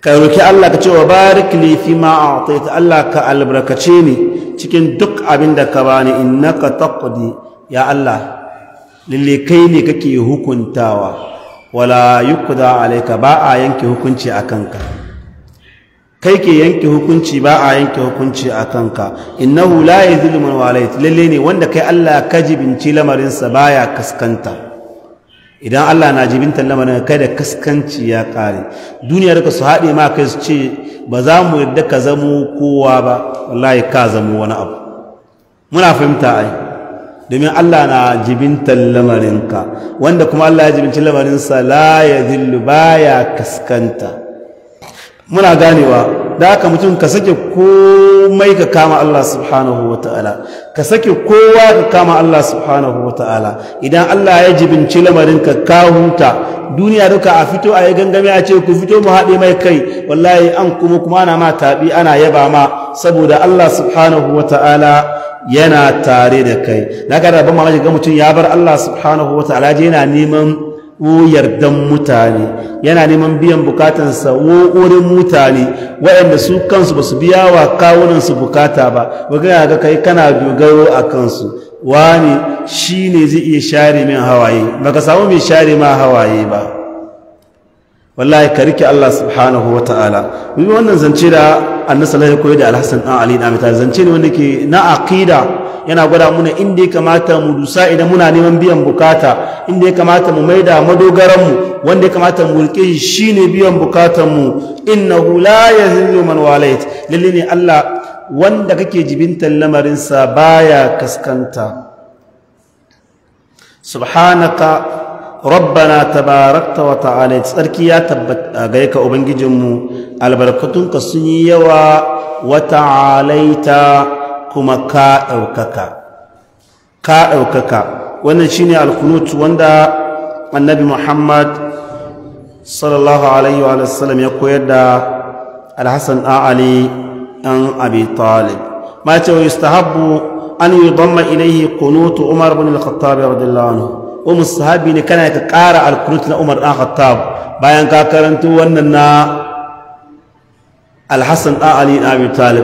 ka roki Allah ka ce wa barik li fi ma a'tayta Allah ka albarkace ni cikin duk abin da ka bani innaka taqdi ya Allah lalle kai ne kake hukuntawa wala da alaika ba a yanke hukunci a kanka kai ke yanke hukunci ba a yanke hukunci a kanka innahu la yadhillu man walayt lalle ne wanda kai Allah ka jibinci lamarinsa ba baya kaskanta idan Allah na jibinta lamarin kai da kaskanci ya kare duniyar ka su haɗe ma kai su ce ba za mu yadda ka zamo kowa ba wallahi ka zamo wani abu muna fahimta ai domin Allah na jibintar lamarinka wanda kuma Allah ya jibinci lamarinsa la ya zillu baya kaskanta muna ganewa da haka mutum ka sake komai ka kama Allah subhanahu wa ta'ala ka sake kowa ka kama Allah subhanahu wa ta'ala idan Allah ya jibinci lamarin ka ka huta duniya duka a fito a yi gangami a ce ku fito mu haɗe mai kai wallahi an kuma kuma ana ma taɓi ana yaba ma saboda Allah subhanahu wa ta'ala yana tare da kai na ga da ban mamaki ga mutum ya bar Allah subhanahu wa ta'ala je yana neman wo yardan mutane yana neman biyan bukatansa wo wurin mutane waɗanda su kansu ba su biya wa kawunansu bukata ba waga ga kai kana dogaro a kansu wani shi ne zai iya share min hawaye ka samu mai share ma hawaye ba wallahi ka rike Allah subhanahu wa ta'ala wannan zance da annabi sallallahu koyi da alhassan dan ali da mutane zance ne wanda ke na aqida yana gwada muna inda ya kamata mu dusa idan muna neman biyan bukata inda ya kamata mu maida madogaran mu wanda ya kamata mu rike shine biyan bukatan mu innahu la yahillu man walait lalle ne Allah wanda kake jibintan lamarin sa baya kaskanta subhanaka rabbana tabarakta wa ta'ala tsarki ya tabbata gare ka ubangijinmu albarkatunka sun yi yawa wa ta'alaita kuma ka ɗaukaka ka ɗaukaka wannan shine alkunut wanda annabi muhammad sallallahu alaihi wa sallam ya koyar da alhassan ali ɗan abi talib ma ce wa yustahabbu an yi ضم ilaihi kunutu umar بن الخطاب رضي الله عنه wa musahabi ne kana ka kara alkunut na umar dan khattab bayan ka karanto wannan na alhassan ali na abu talib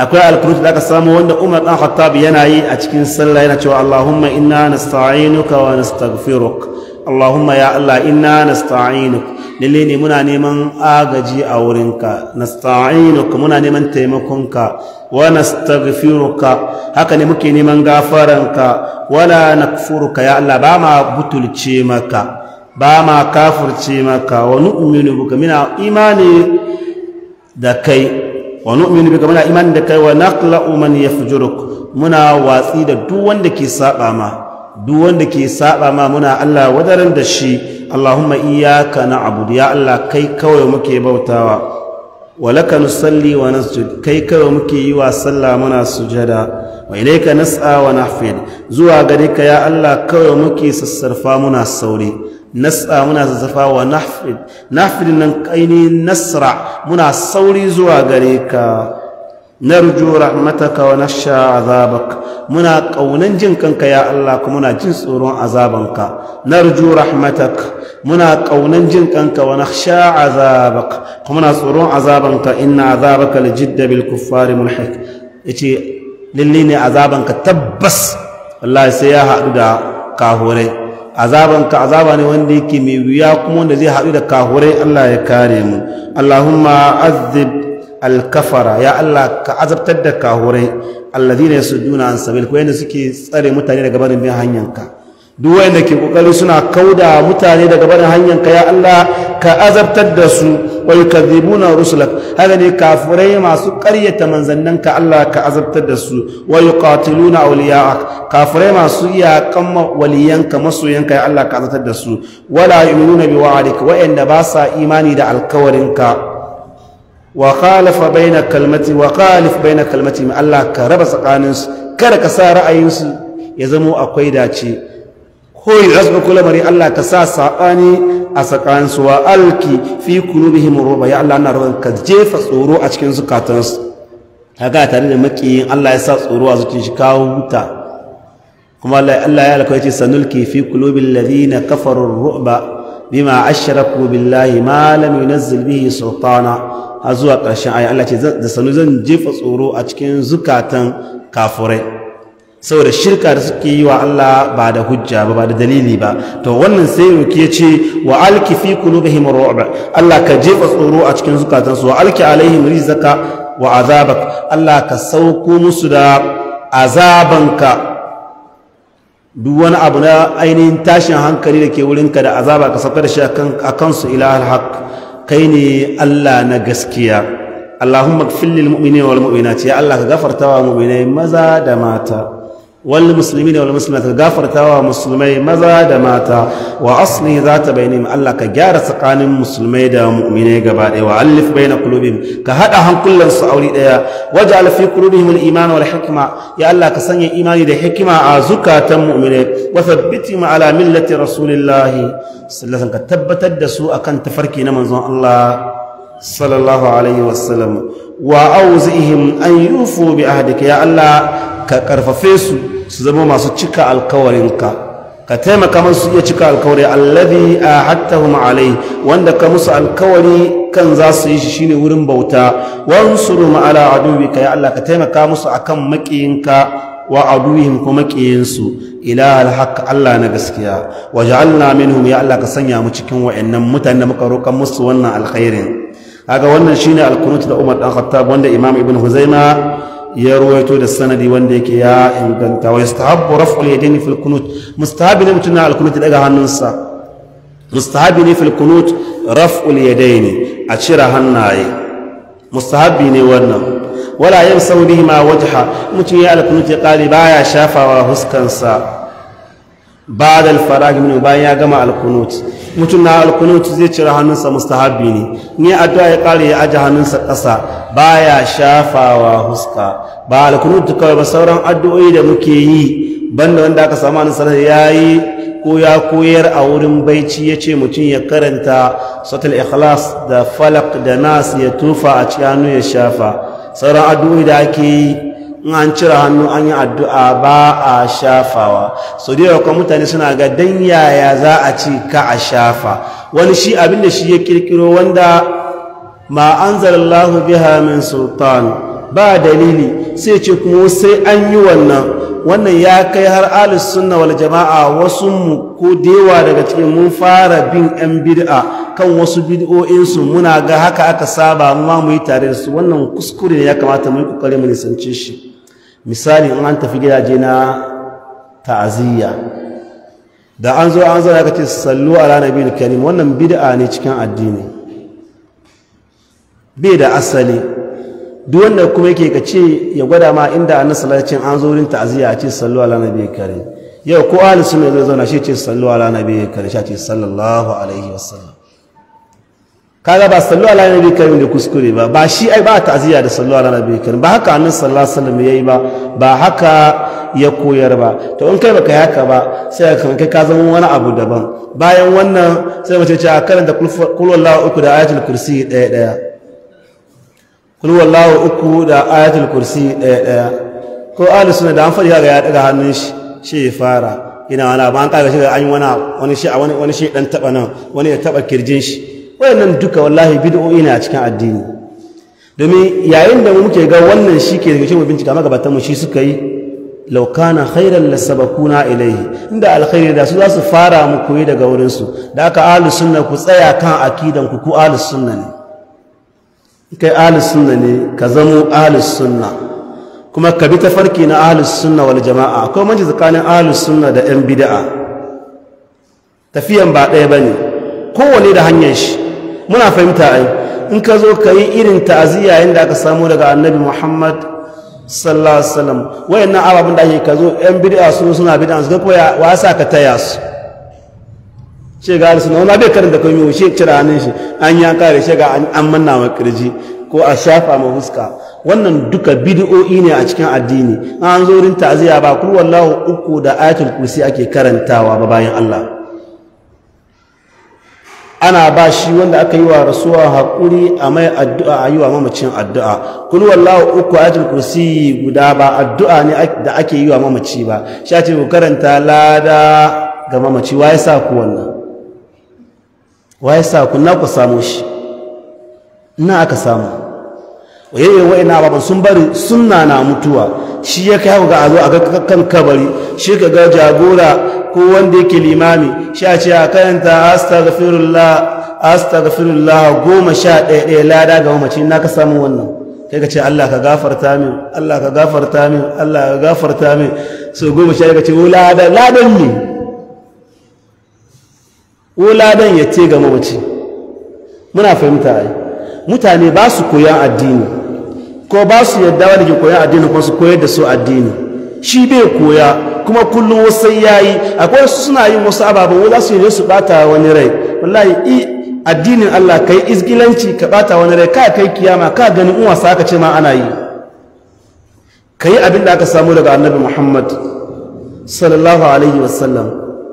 akwai alkunut da aka samu wanda umar ɗan khattab yana yi a cikin sallah yana cewa allahumma inna nasta'inuka wa nastaghfiruk Allahumma ya Allah inna nasta'inuk lalle ne muna neman agaji a wurinka nasta'inuk muna neman taimakonka wa nastaghfiruka haka ne muke neman gafaranka wala nakfuruka ya Allah ba ma butulce maka ba ma kafur'ce maka wa nu'minu bika muna imani da kai wa nu'minu bika muna imani da kai wa naqla'u man yafjuruk muna watsi da duk wanda ke saba ma duk wanda ke saba ma muna Allah wadaran da shi Allahumma iyyaka na'budu ya Allah kai kawai muke bautawa walaka nusalli wa nasjud kai kawai muke yi wa sallah muna sujada wa ilayka nas'a wa nahfid zuwa gare ka ya Allah kawai muke sassarfa muna saure nas'a muna sassafa wa nahfid nahfid nan kaini nasra muna sauri zuwa gare ka narju rahmataka wa nasha azabak muna kaunan jin kanka ya Allah kuma muna jin tsoron azabanka narju muna kaunan jin kanka wa nasha azabak kuma tsoron azabanka inna azabaka lajidda bil kuffari mulhik yace lalle ne azabanka tabbas wallahi sai ya haɗu da kahurai azabanka azaba ne wanda yake mai wuya kuma wanda zai haɗu da kahurai Allah ya kare mu alkafara ya Allah ka azabtar da kahurai alladhina yasudduna an sabil ko yanda suke tsare mutane daga barin bin hanyanka duk wanda ke kokari suna kauda mutane daga barin hanyanka ya Allah ka azabtar da su wa yukadhibuna rusulak haka ne kafurai masu ƙaryata manzannanka Allah ka azabtar da su wa yuqatiluna awliya'ak kafurai masu yaƙan waliyanka masoyanka ya Allah ka azabtar da su wala yu'minuna biwa'adika wa'anda ba sa imani da alkawarinka wa khalafa baina kalmati wa khalif baina kalmati Allah ka raba tsakaninsu kada ka sa ra'ayinsu ya zamo akwai dace ko yasbu kulamari Allah ka sa sabani a tsakaninsu wa alki fi qulubihim ruba ya Allah na rawan ka jefa tsoro a cikin zukatansu kaga tare da makiyin Allah ya sa tsoro a zuciyar shi kawo huta kuma Allah ya alƙawace sanulki fi qulubil ladina bima billahi ma lam yunazzil sultana zuwa ƙarshen aya Allah ce da sanu zan jefa tsoro a cikin zukatan kafurai saboda shirka da suke yi wa Allah ba da hujja ba ba da dalili ba to wannan sai ruki ya ce wa alki fi qulubihim ru'ba Allah ka jefa tsoro a cikin zukatan su wa alki alaihim rizaka wa azabak Allah ka sauko musu da azabanka duk wani abu na ainihin tashin hankali da ke wurinka da azaba ka saukar da shi a kansu ila alhaq kai ne Allah na gaskiya Allahumma gfir lil mu'minina wal mu'minati ya Allah ka gafarta wa mu'minai maza da mata wal muslimina wal muslimat gafartawa musulmai maza da mata wa asli zata bainihim Allah ka gyara tsakanin musulmai da mu'minai gaba daya wa alif baina qulubihim ka hada hankulan su aure daya waj'al fi qulubihim al iman wal hikma ya Allah ka sanya imani da hikima a zukatan mu'minai wa thabbitihim ala millati rasulillahi sallallahu alaihi wasallam ka tabbatar da su akan tafarki na manzon Allah sallallahu alaihi wasallam wa auzihim an yufu bi ahdika ya Allah ka karfafe su su zama masu cika alkawarinka ka taimaka masu iya cika alkawari allazi ahadtahum alai wanda ka musu alkawari kan za su yi shi shine wurin bauta wansuru ala aduwika ya Allah ka taimaka musu akan makiyinka wa aduwihim ko makiyinsu ila alhaq Allah na gaskiya waj'alna minhum ya Allah ka sanya mu cikin wa'annan mutane da muka roƙa musu wannan alkhairin kaga wannan shine alkunut da Umar dan Khattab wanda Imam Ibn Huzaima ya ruwaito da sanadi wanda yake ya inganta wa yastahabbu raf'ul yadaini fil qunut mustahabi ne mutum na alkunut daga hannunsa mustahabi ne fil qunut raf'ul yadaini a cira hannaye mustahabi ne wannan wala yamsahu bihi ma wajha mutum ya alkunut ya kali baya shafawa huskansa ba'da al farag min bayan ya gama alkunut mutum na alkunutu zai cire hannunsa mustahabi ne ni addu'a ya kare ya aje hannunsa ƙasa baya shafawa huska ba alkunutu kawai ba sauran addu'o'i da muke yi banda wanda aka samu hannun sanar ya yi ko ya koyar a wurin baici ya ce mutum ya karanta sautul ikhlas da falak da nas ya tufa a cikin hannu ya shafa sauran addu'o'i da ake yi in an cire hannu an yi addu'a ba a shafawa so dai yau kan mutane suna ga dan yaya za a ci ka a shafa wani shi abin da shi ya kirkiro wanda ma zarallahu biha min sultan ba dalili sai ce kuma sai an yi wannan wannan ya kai har alis sunna wal jama'a wasu mu ko dewa daga cikin mun fara bin yan bid'a kan wasu bid'o'insu muna ga haka aka saba amma mu yi tare da su wannan kuskure ne ya kamata mu yi kokari mu nisance shi misali in an tafi gidaje na ta'aziyya da an zo an zo ya kace sallu ala nabiyil karim wannan bid'a ne cikin addini bai da asali duk wanda kuma yake ka ce ya gwada ma inda annabi sallallahu alaihi an zo wurin ta'aziyya a ce sallu ala nabiyil karim yau ko ahli sunna zai zauna shi ce sallu ala nabiyil karim shi ce sallallahu alaihi wasallam kaga ba sallu ala nabi karim da kuskure ba ba shi ai ba ta'ziya da sallu ala nabi karim ba haka annabi sallallahu alaihi wasallam yayi ba ba haka ya koyar ba to in kai baka yi haka ba sai ka kai ka zama wani abu daban bayan wannan sai mace ce a karanta kul wallahu uku da ayatul kursi daya daya kul wallahu uku da ayatul kursi daya daya ko ahli sunna da an faɗi ga ya daga hannun shi shi ya fara ina wani abu an kaga shi an yi wani wani shi a wani wani shi dan taba nan wani ya taba kirjin shi wayannan duka wallahi bid'o'i ne a cikin addini domin yayin da muke ga wannan shi ke daga cikin bincika magabatan mu shi suka yi law kana khairan lasabakuna ilayhi inda alkhairi da su za su fara mu koyi daga wurinsu, da aka ahlus ku tsaya kan akidan ku ku ahlus ne kai ahlus ne ka zamo ahlus kuma ka bi tafarki na ahlus sunna wal jama'a akwai manji tsakanin ahlus da yan bida'a. tafiyan ba ɗaya bane kowane da hanyar shi muna fahimta ai in ka zo ka yi irin ta'aziyya yadda aka samu daga annabi muhammad sallallahu alaihi wasallam wayannan ababun da ake ka zo yan bid'a su suna bid'a su ga ko ya sa ka taya su ce ga su na bai da kai mu shi kira hannun shi an ya kare shi ga an manna ma kirji ko a shafa ma huska wannan duka bid'o'i ne a cikin addini an zo rin ta'aziyya ba kullu wallahu uku da ayatul kursi ake karantawa ba bayan Allah ana ba shi wanda aka yi wa rasuwa haƙuri a mai addu'a a yi wa mamacin addu'a kul wallahu uku ayatul kursi guda ba addu'a ne da ake yi wa mamaci ba sha ce ku karanta lada ga mamaci wa ya sa ku wannan wa ya sa ku na ku samu shi na aka samu waye waye na baban sun bari sunna na mutuwa shi ya kai ga azo a ga kan kabari shi ka ga jagora ko wanda yake limami shi a ce a karanta astaghfirullah astaghfirullah goma sha ɗaya ɗaya lada ga mamaci na ka samu wannan kai ka ce Allah ka gafarta min Allah ka gafarta min Allah ka gafarta min so goma sha ɗaya ka ce wulada ladan ne wuladan ya ce ga mace muna fahimta ai mutane ba su koyan addini ko ba su yadda wani ke koya addini ko su koyar da su addini shi bai koya kuma kullum wasu yayi akwai su suna yin wasu ababen wanda su yi su bata wani rai wallahi i addinin Allah kai izgilanci ka bata wani rai ka kai kiyama ka gani in wasa ka ce ma ana yi kai abin da aka samu daga annabi Muhammad sallallahu alaihi wasallam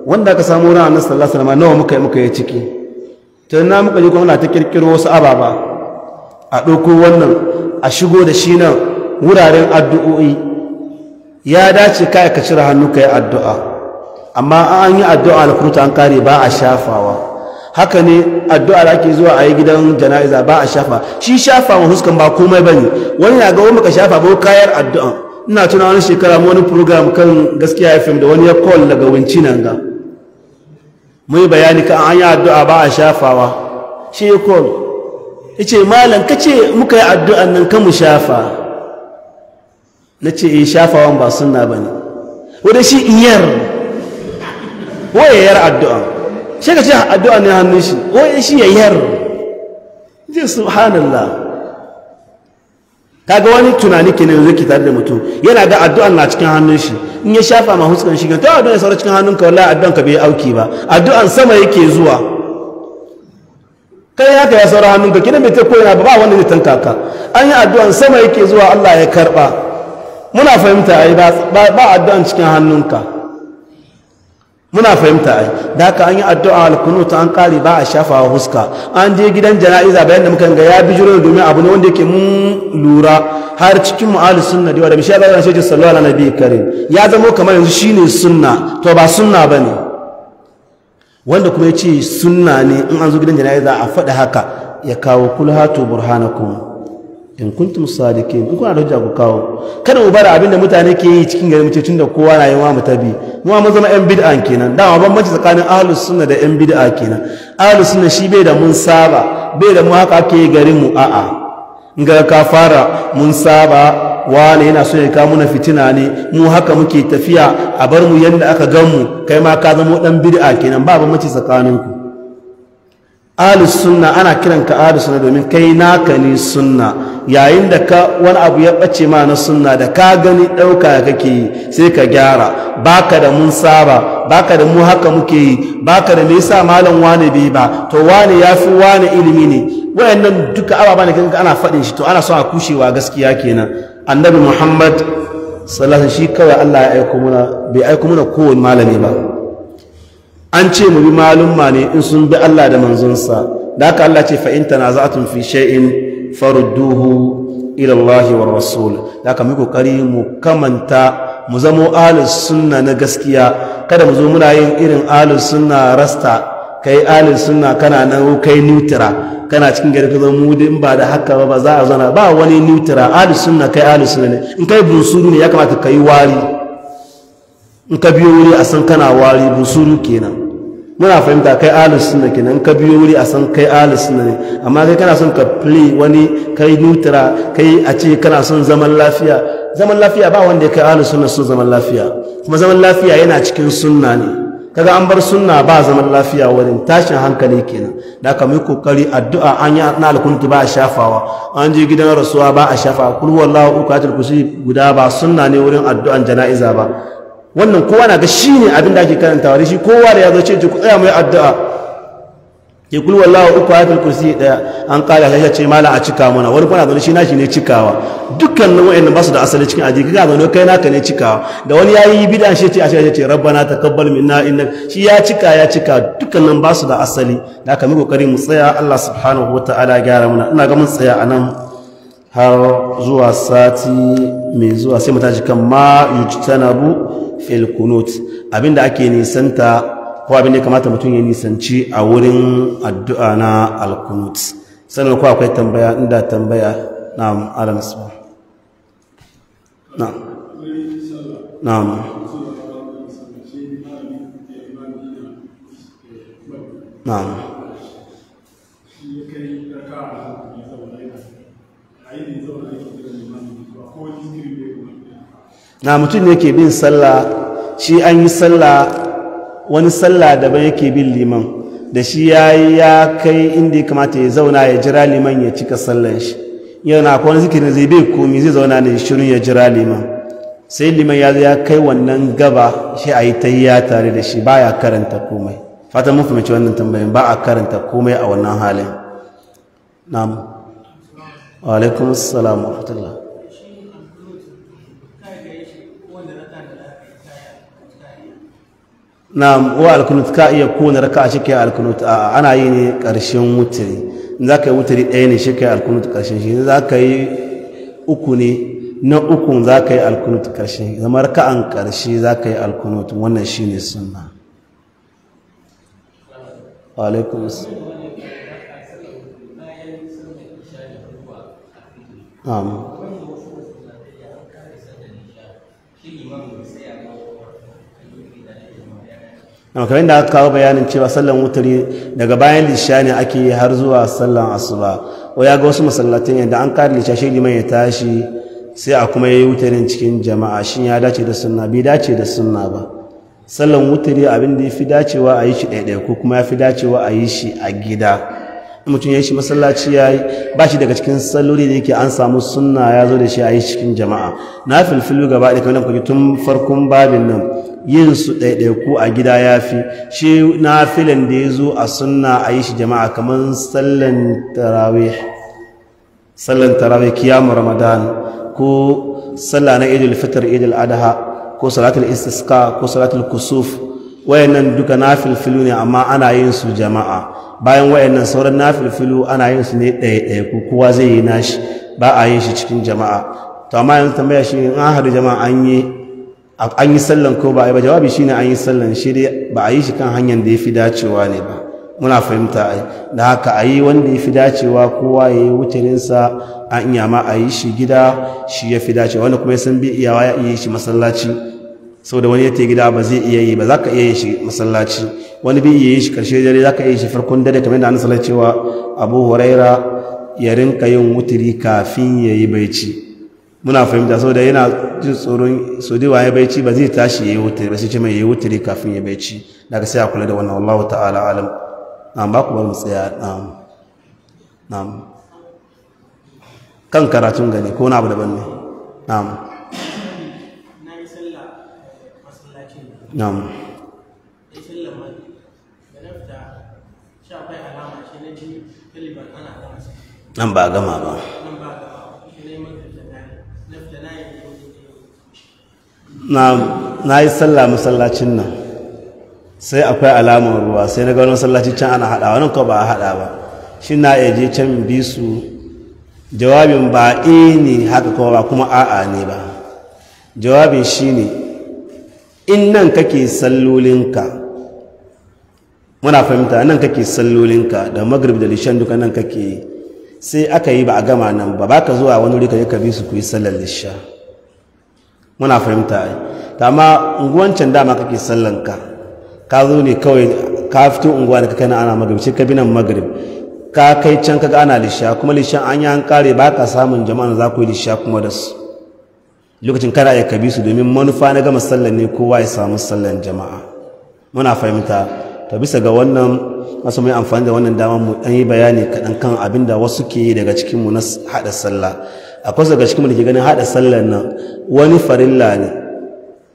wanda aka samu ran annabi sallallahu alaihi wasallam nawa muka yi muka yi ciki to na muka ji kuma na ta kirkiro wasu ababa a ɗauko wannan a shigo da shi nan wuraren addu'o'i ya dace ka ka cire hannu ka yi addu'a amma an yi addu'a na furta an kare ba a shafawa haka ne addu'a da ake zuwa a yi gidan jana'iza ba a shafa shi shafa ma huskan ba komai ba ne wani na ga wani ka shafa ba kayar addu'a ina tuna wani shekara wani program kan gaskiya fim da wani ya call daga winci nan ga mai bayani kan an yi addu'a ba a shafawa shi ya call yace malam kace muka yi addu'an nan ka mu shafa nace eh shafawan ba sunna bane wanda shi iyar ya yar addu'a shi kace addu'a ne hannun shi waye shi ya yar ji subhanallah kaga wani tunani kenan yanzu ki tare da mutum yana ga addu'an na cikin hannun shi in ya shafa ma huskan shi ga to addu'an ya saura cikin ka wallahi addu'an ka bai auki ba addu'an sama yake zuwa kai haka ya saura hannunka kina mai ta koyana ba ba wanda zai tanka ka an yi addu'an sama yake zuwa Allah ya karba muna fahimta ai ba addu'an cikin hannunka muna fahimta ai da haka an yi addu'a al-kunut an kare ba a shafawa huska an je gidan jana'iza bayan da muka ga ya bijiro domin abu ne wanda yake mun lura har cikin mu'alu sunna da wanda mishi Allah ya ce sallallahu alaihi wa sallam ya zama kamar yanzu shine sunna to ba sunna bane wanda kuma ya ce sunna ne in an zo gidan jana'iza a faɗi haka ya kawo burhana kuma. in kuntum sadiqin in kuna da hujja ku kawo kada mu bar abinda mutane ke yi cikin gari tun da kowa na yi wa mu tabi mu amma zama yan bid'a kenan dama banbanci tsakanin ahlus sunna da yan bid'a kenan ahlus sunna shi bai da mun saba bai da mu haka ake garin mu a'a in ga ka fara mun saba wane yana so ya kawo muna fitina ne mu haka muke tafiya a bar mu yadda aka gan mu kai ma ka zama dan bid'a kenan ba tsakanin ku. ahli sunna ana kiran ka ahli sunna domin kai naka ne sunna yayin da ka wani abu ya bace ma na sunna da ka gani dauka kake yi sai ka gyara baka da mun saba baka da mu haka muke yi baka da me yasa malam wane bai ba to wane yafi wane ilimi ne wayannan duka ababa ne kanka ana fadin shi to ana so a kushewa gaskiya kenan annabi muhammad sallallahu shi kawai Allah ya aiko muna bai aiko muna kowane malami ba an ce mu bi maluma ne in sun bi Allah da manzonsa da aka Allah ce fa in tun fi shain farudduhu ila Allah wa rasul da haka mu kokari mu kamanta mu zamo ahlus sunna na gaskiya kada mu zo muna yin irin ahlus suna rasta kai alin suna kana nan kai nutura kana cikin gari ka zo mu din ba da haka ba ba za a zana ba wani nutura alin suna kai alin suna ne in kai bunsuru ne ya kamata kai wari in ka biyo wuri a san kana wari bunsuru kenan muna fahimta kai alin suna kenan in ka biyo wuri a san kai alin suna ne amma kai kana son ka play wani kai nutura kai a ce kana son zaman lafiya zaman lafiya ba wanda ya kai alin suna so zaman lafiya kuma zaman lafiya yana cikin sunna ne kaga an bar sunna ba zaman lafiya wurin tashin hankali kenan da aka yi kokari addu'a an yi na alkunti ba a shafawa an je gidan rasuwa ba a shafa kul wallahu ukatul kusi guda ba sunna ne wurin addu'an jana'iza ba wannan kowa na ga shine abin da ake karantawa shi kowa da ya zo ce ku tsaya mai addu'a ya kul wallawa uku ayatul kursi daya an kare ya ce mala a cika mana wani kuna zaune shi nashi ne cikawa Dukkan dukkanin ba su da asali cikin addini kaga zaune kai naka ne cikawa da wani ya yayi bid'a shi ce a shi ce rabbana taqabbal minna innaka shi ya cika ya cika dukkanin su da asali da aka mu kokari mu tsaya Allah subhanahu wataala ya gyara mana ina ga mun tsaya anan har zuwa sati mai zuwa sai mu tashi kan ma yujtanabu fil kunut abinda ake nisanta ko abin da ya kamata mutum ya nisanci a wurin addu'a na alkunut sannan ko akwai tambaya inda tambaya na alam su na na na mutum ne ke bin sallah shi an yi sallah wani sallah da bai yake bin liman da shi ya yi ya kai inda ya kamata ya zauna ya jira liman ya cika sallan shi yau na kwanu zikirin zai bai komi zai zauna ne shirin ya jira liman sai liman ya ya kai wannan gaba shi a yi ta ya tare da shi ba ya karanta komai fatan mun fahimci wannan tambayin ba a karanta komai a wannan halin na'am na'am wa alkunut ka iya kuna raka a kai alkunut a ana yi ne karshen wutiri za ka yi wutiri ɗaya ne shi alkunut karshen shi za ka yi uku ne na uku za ka yi alkunut karshen zama an karshe za ka yi alkunut wannan shi ne suna. na kamar da aka kawo bayanin cewa sallan wutari daga bayan lisha ake yi har zuwa sallan asuba o ya ga wasu masallatin yadda an kare lisha shi liman ya tashi sai a kuma yi wutarin cikin jama'a shin ya dace da sunna bai dace da sunna ba sallan wutari abin da ya fi dacewa a yi shi ɗaiɗai ko kuma ya fi dacewa a yi shi a gida mutum ya yi shi masallaci ya yi ba shi daga cikin salloli da yake an samu sunna ya zo da shi a yi cikin jama'a na filfilu gaba da kamar da tun farkon babin nan yin su ɗaiɗaiku a gida ya fi shi filin da ya zo a sunna a yi shi jama'a kamar sallan tarawih sallan ramadan ko tsalla na idul fitar idul adha ko salatul istiska ko salatul kusuf wayannan duka na nafilfilu ne amma ana yin su jama'a bayan wayannan sauran na filfilu ana yin su ne ɗaiɗaiku kowa zai yi nashi ba a yin shi cikin jama'a to amma yanzu tambaya shi in an haɗu jama'a an yi an yi sallan ko ba a yi ba jawabi ne an yi sallan shi dai ba a yi shi kan hanyar da ya fi dacewa ne ba muna fahimta yi da haka a yi wanda ya fi dacewa kowa ya yi wutarinsa an iya ma a yi shi gida shi ya fi dacewa wanda kuma ya san bi iyawa ya iya shi masallaci saboda wani ya ta gida ba zai iya yi ba za ka iya yi shi masallaci wani bi iya yi shi karshe dare za ka iya shi farkon dare kamar yadda an sallar cewa abu huraira ya rinka yin wuturi kafin ya yi baici muna fahimta sau da yana jin tsoron su diwa ya bai ci ba zai tashi ya yi wuturi ba sai ce mai yi wuturi kafin ya bai ci daga sai a kula da wannan Allahu ta'ala alam na ba ku ba mu tsaya Na kan karatun gani ko na abu daban ne na'am na'am nan ba gama ba na yi sallah masallacin nan sai akwai alamar ruwa sai na gano wani can ana haɗa wani ko ba a haɗa ba shi na iya je can bi su jawabin ba e ne haka kuma ba kuma a'a ne ba jawabin shi ne in nan kake sallolinka muna fahimta nan kake sallolinka da magrib da lishan duka nan kake sai aka yi ba a gama nan ba ba ka zuwa wani wuri ka je ka bi su ku yi sallar lisha muna fahimta ai ta amma unguwancin dama kake sallanka ka zo ne kawai ka fito unguwa da kake na ana magrib shi ka bi nan magrib ka kai can kaga ana lisha kuma lishan an yi an kare ba ka samun jama'a za ku yi lisha kuma da su lokacin kana ya kabi su domin manufa na gama sallan ne kowa ya samu sallan jama'a muna fahimta to bisa ga wannan masu mai amfani da wannan damar mu dan yi bayani kaɗan kan abinda wasu ke yi daga cikin mu na haɗa sallah akwai daga cikin da ke ganin haɗa sallar nan wani farilla ne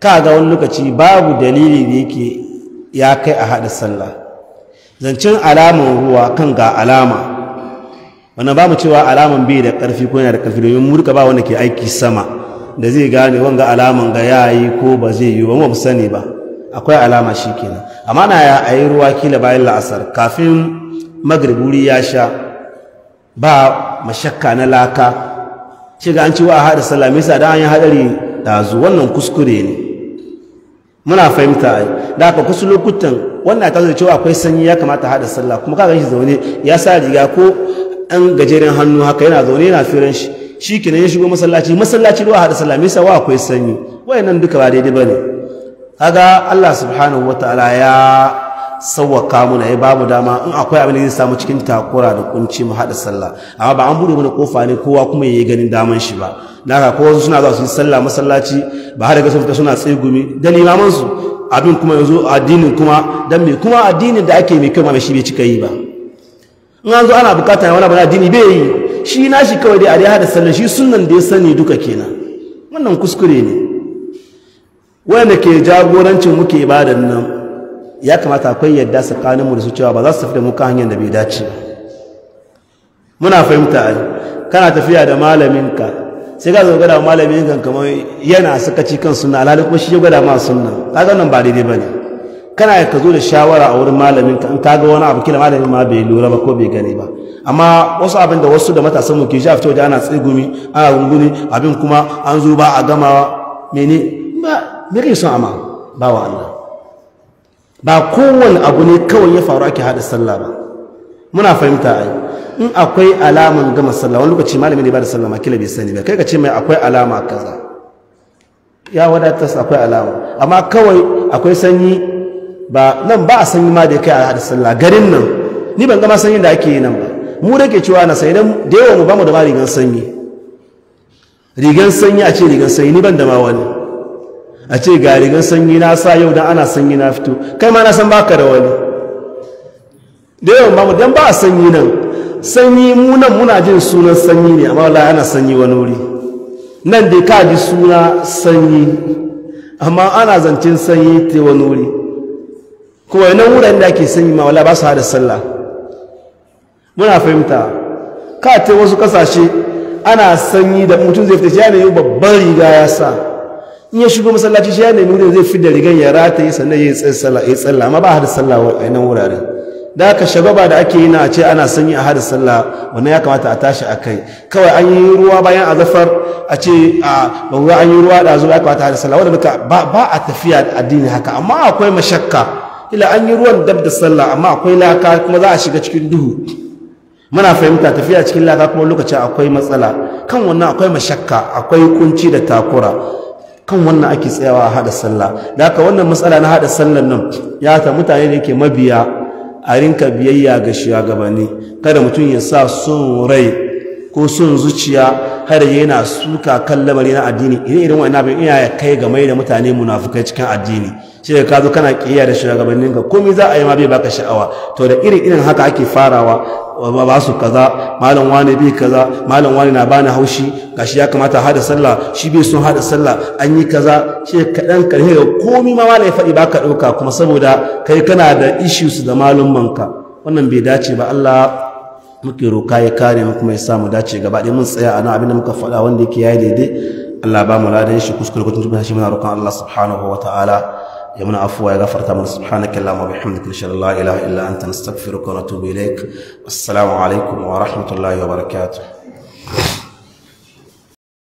ka ga wani lokaci babu dalili da yake ya kai a haɗa sallah zancen alaman ruwa kan ga alama wannan ba mu cewa alaman bai da karfi ko yana da karfi domin murka ba wanda ke aiki sama da zai gane wanga alaman ga yayi ko ba zai yi ba mu sani ba akwai alama shi kenan amma na ya ayi ruwa kila bayan la'asar kafin magrib wuri ya sha ba mashakka na laka ce ga an ci wa a haɗa sallah me da an yi haɗari ɗazu wannan kuskure ne muna fahimta ai da haka kusa lokutan wannan ta cewa akwai sanyi ya kamata haɗa sallah kuma kaga shi zaune ya sa riga ko ɗan gajeren hannu haka yana zaune yana firan shi shi kenan ya shigo masallaci masallaci ruwa haɗa sallah me yasa wa akwai sanyi wayannan duka ba daidai bane kaga Allah subhanahu wataala ya sawwaka muna ya babu dama in akwai abin da zai samu cikin takura da kunci mu hada sallah amma ba an buɗe mana kofa ne kowa kuma yayi ganin daman shi ba na haka kowa suna zuwa su yi sallah masallaci ba har ga sun fita suna tsigumi da limaman su abin kuma yanzu addinin kuma dan me kuma addinin da ake mai kai ma shi bai cika yi ba in an zo ana bukata wani abin addini bai yi shi na shi kawai dai a dai haɗa sallah shi sunnan da ya sani duka kenan wannan kuskure ne wanda ke jagorancin muke ibadan nan ya kamata akwai yadda tsakaninmu da su cewa ba za su tafi da muka hanyar da bai dace muna fahimta ai kana tafiya da malaminka sai ka zo gada kan kamar yana sakaci kan sunna alhali kuma shi ya gwada ma sunna ga nan ba daidai ba ne. kana ka zo da shawara a wurin malaminka in ka ga wani abu kila malamin ma bai lura ba ko bai gani ba amma wasu abin da wasu da matasan mu ke shi a fito da ana tsigumi ana runguni abin kuma an zo ba a gamawa mene ba me son amma ba wa Allah ba kowane abu ne kawai ya faru ake haɗa sallah ba muna fahimta ai in akwai alaman gama sallah wani lokaci malami ne ba da sallah makila bai sani ba kai ka ce mai akwai alama kaza ya wadatar akwai alama amma kawai akwai sanyi ba nan ba a sanyi ma da kai a haɗa sallah garin nan ni ban gama sanyin da ake yi nan ba mu da ke cewa na sai dan da yawa mu ba mu da ma rigan sanyi rigan sanyi a ce rigan sanyi ni ban da ma wani a ce ga rigar sanyi na sa yau da ana sanyi na fito kai ma na san baka da wani da yawan mu dan ba sanyi nan sanyi munan muna jin sunan sanyi ne amma wallahi ana sanyi wani wuri nan dai ka ji suna sanyi amma ana zancen sanyi ta wani wuri kuma nan wuraren da ake sanyi ma wallahi ba su hada sallah muna fahimta ka ta wasu kasashe ana sanyi da mutum zai fita shi yana yi babban riga ya sa in ya shigo masallaci shi ya nemi wurin zai fi da rigan ya yi sannan ya yi tsalla ya amma ba hada sallah a nan wuraren da aka shababa da ake yi na a ce ana sanyi a hada sallah wannan ya kamata a tashi a kai kawai an yi ruwa bayan a zafar a ce a bangu an yi ruwa da zuwa ya kamata a hada sallah wanda ba a tafiya addini haka amma akwai mashakka ila an yi ruwan dab da sallah amma akwai laka kuma za a shiga cikin duhu muna fahimta tafiya cikin laka kuma lokacin akwai matsala kan wannan akwai mashakka akwai kunci da takura kan wannan ake tsayawa a haɗa sallah da haka wannan matsala na hada sallan nan ya ta mutane da ke mabiya a rinka biyayya ga shugabanni kada mutum ya sa son rai ko sun zuciya har yana suka kan lamari na addini irin irin wani abin iya kai ga mai da mutane munafukai cikin addini shi da ka zo kana kiyaye da shugabannin ka komai za a yi ma bai baka sha'awa to da irin irin haka ake farawa ba su kaza malam wani bi kaza malam wani na bani haushi gashi ya kamata hada sallah shi bai son hada sallah an yi kaza shi kadan karhe ga komai ma malai faɗi baka ɗauka kuma saboda kai kana da issues da malumman ka wannan bai dace ba Allah muke roka ya kare mu kuma ya sa mu dace gaba ɗaya mun tsaya a nan abin muka faɗa wanda yake yayi daidai Allah ba mu ladan shi kuskure ko tuntuɓe shi muna roƙon Allah subhanahu wa ta'ala ya muna afuwa ya gafarta mana subhanaka allahumma wa bihamdika nashhadu an la ilaha illa anta nastaghfiruka wa natubu ilaik assalamu alaikum wa rahmatullahi wa barakatuh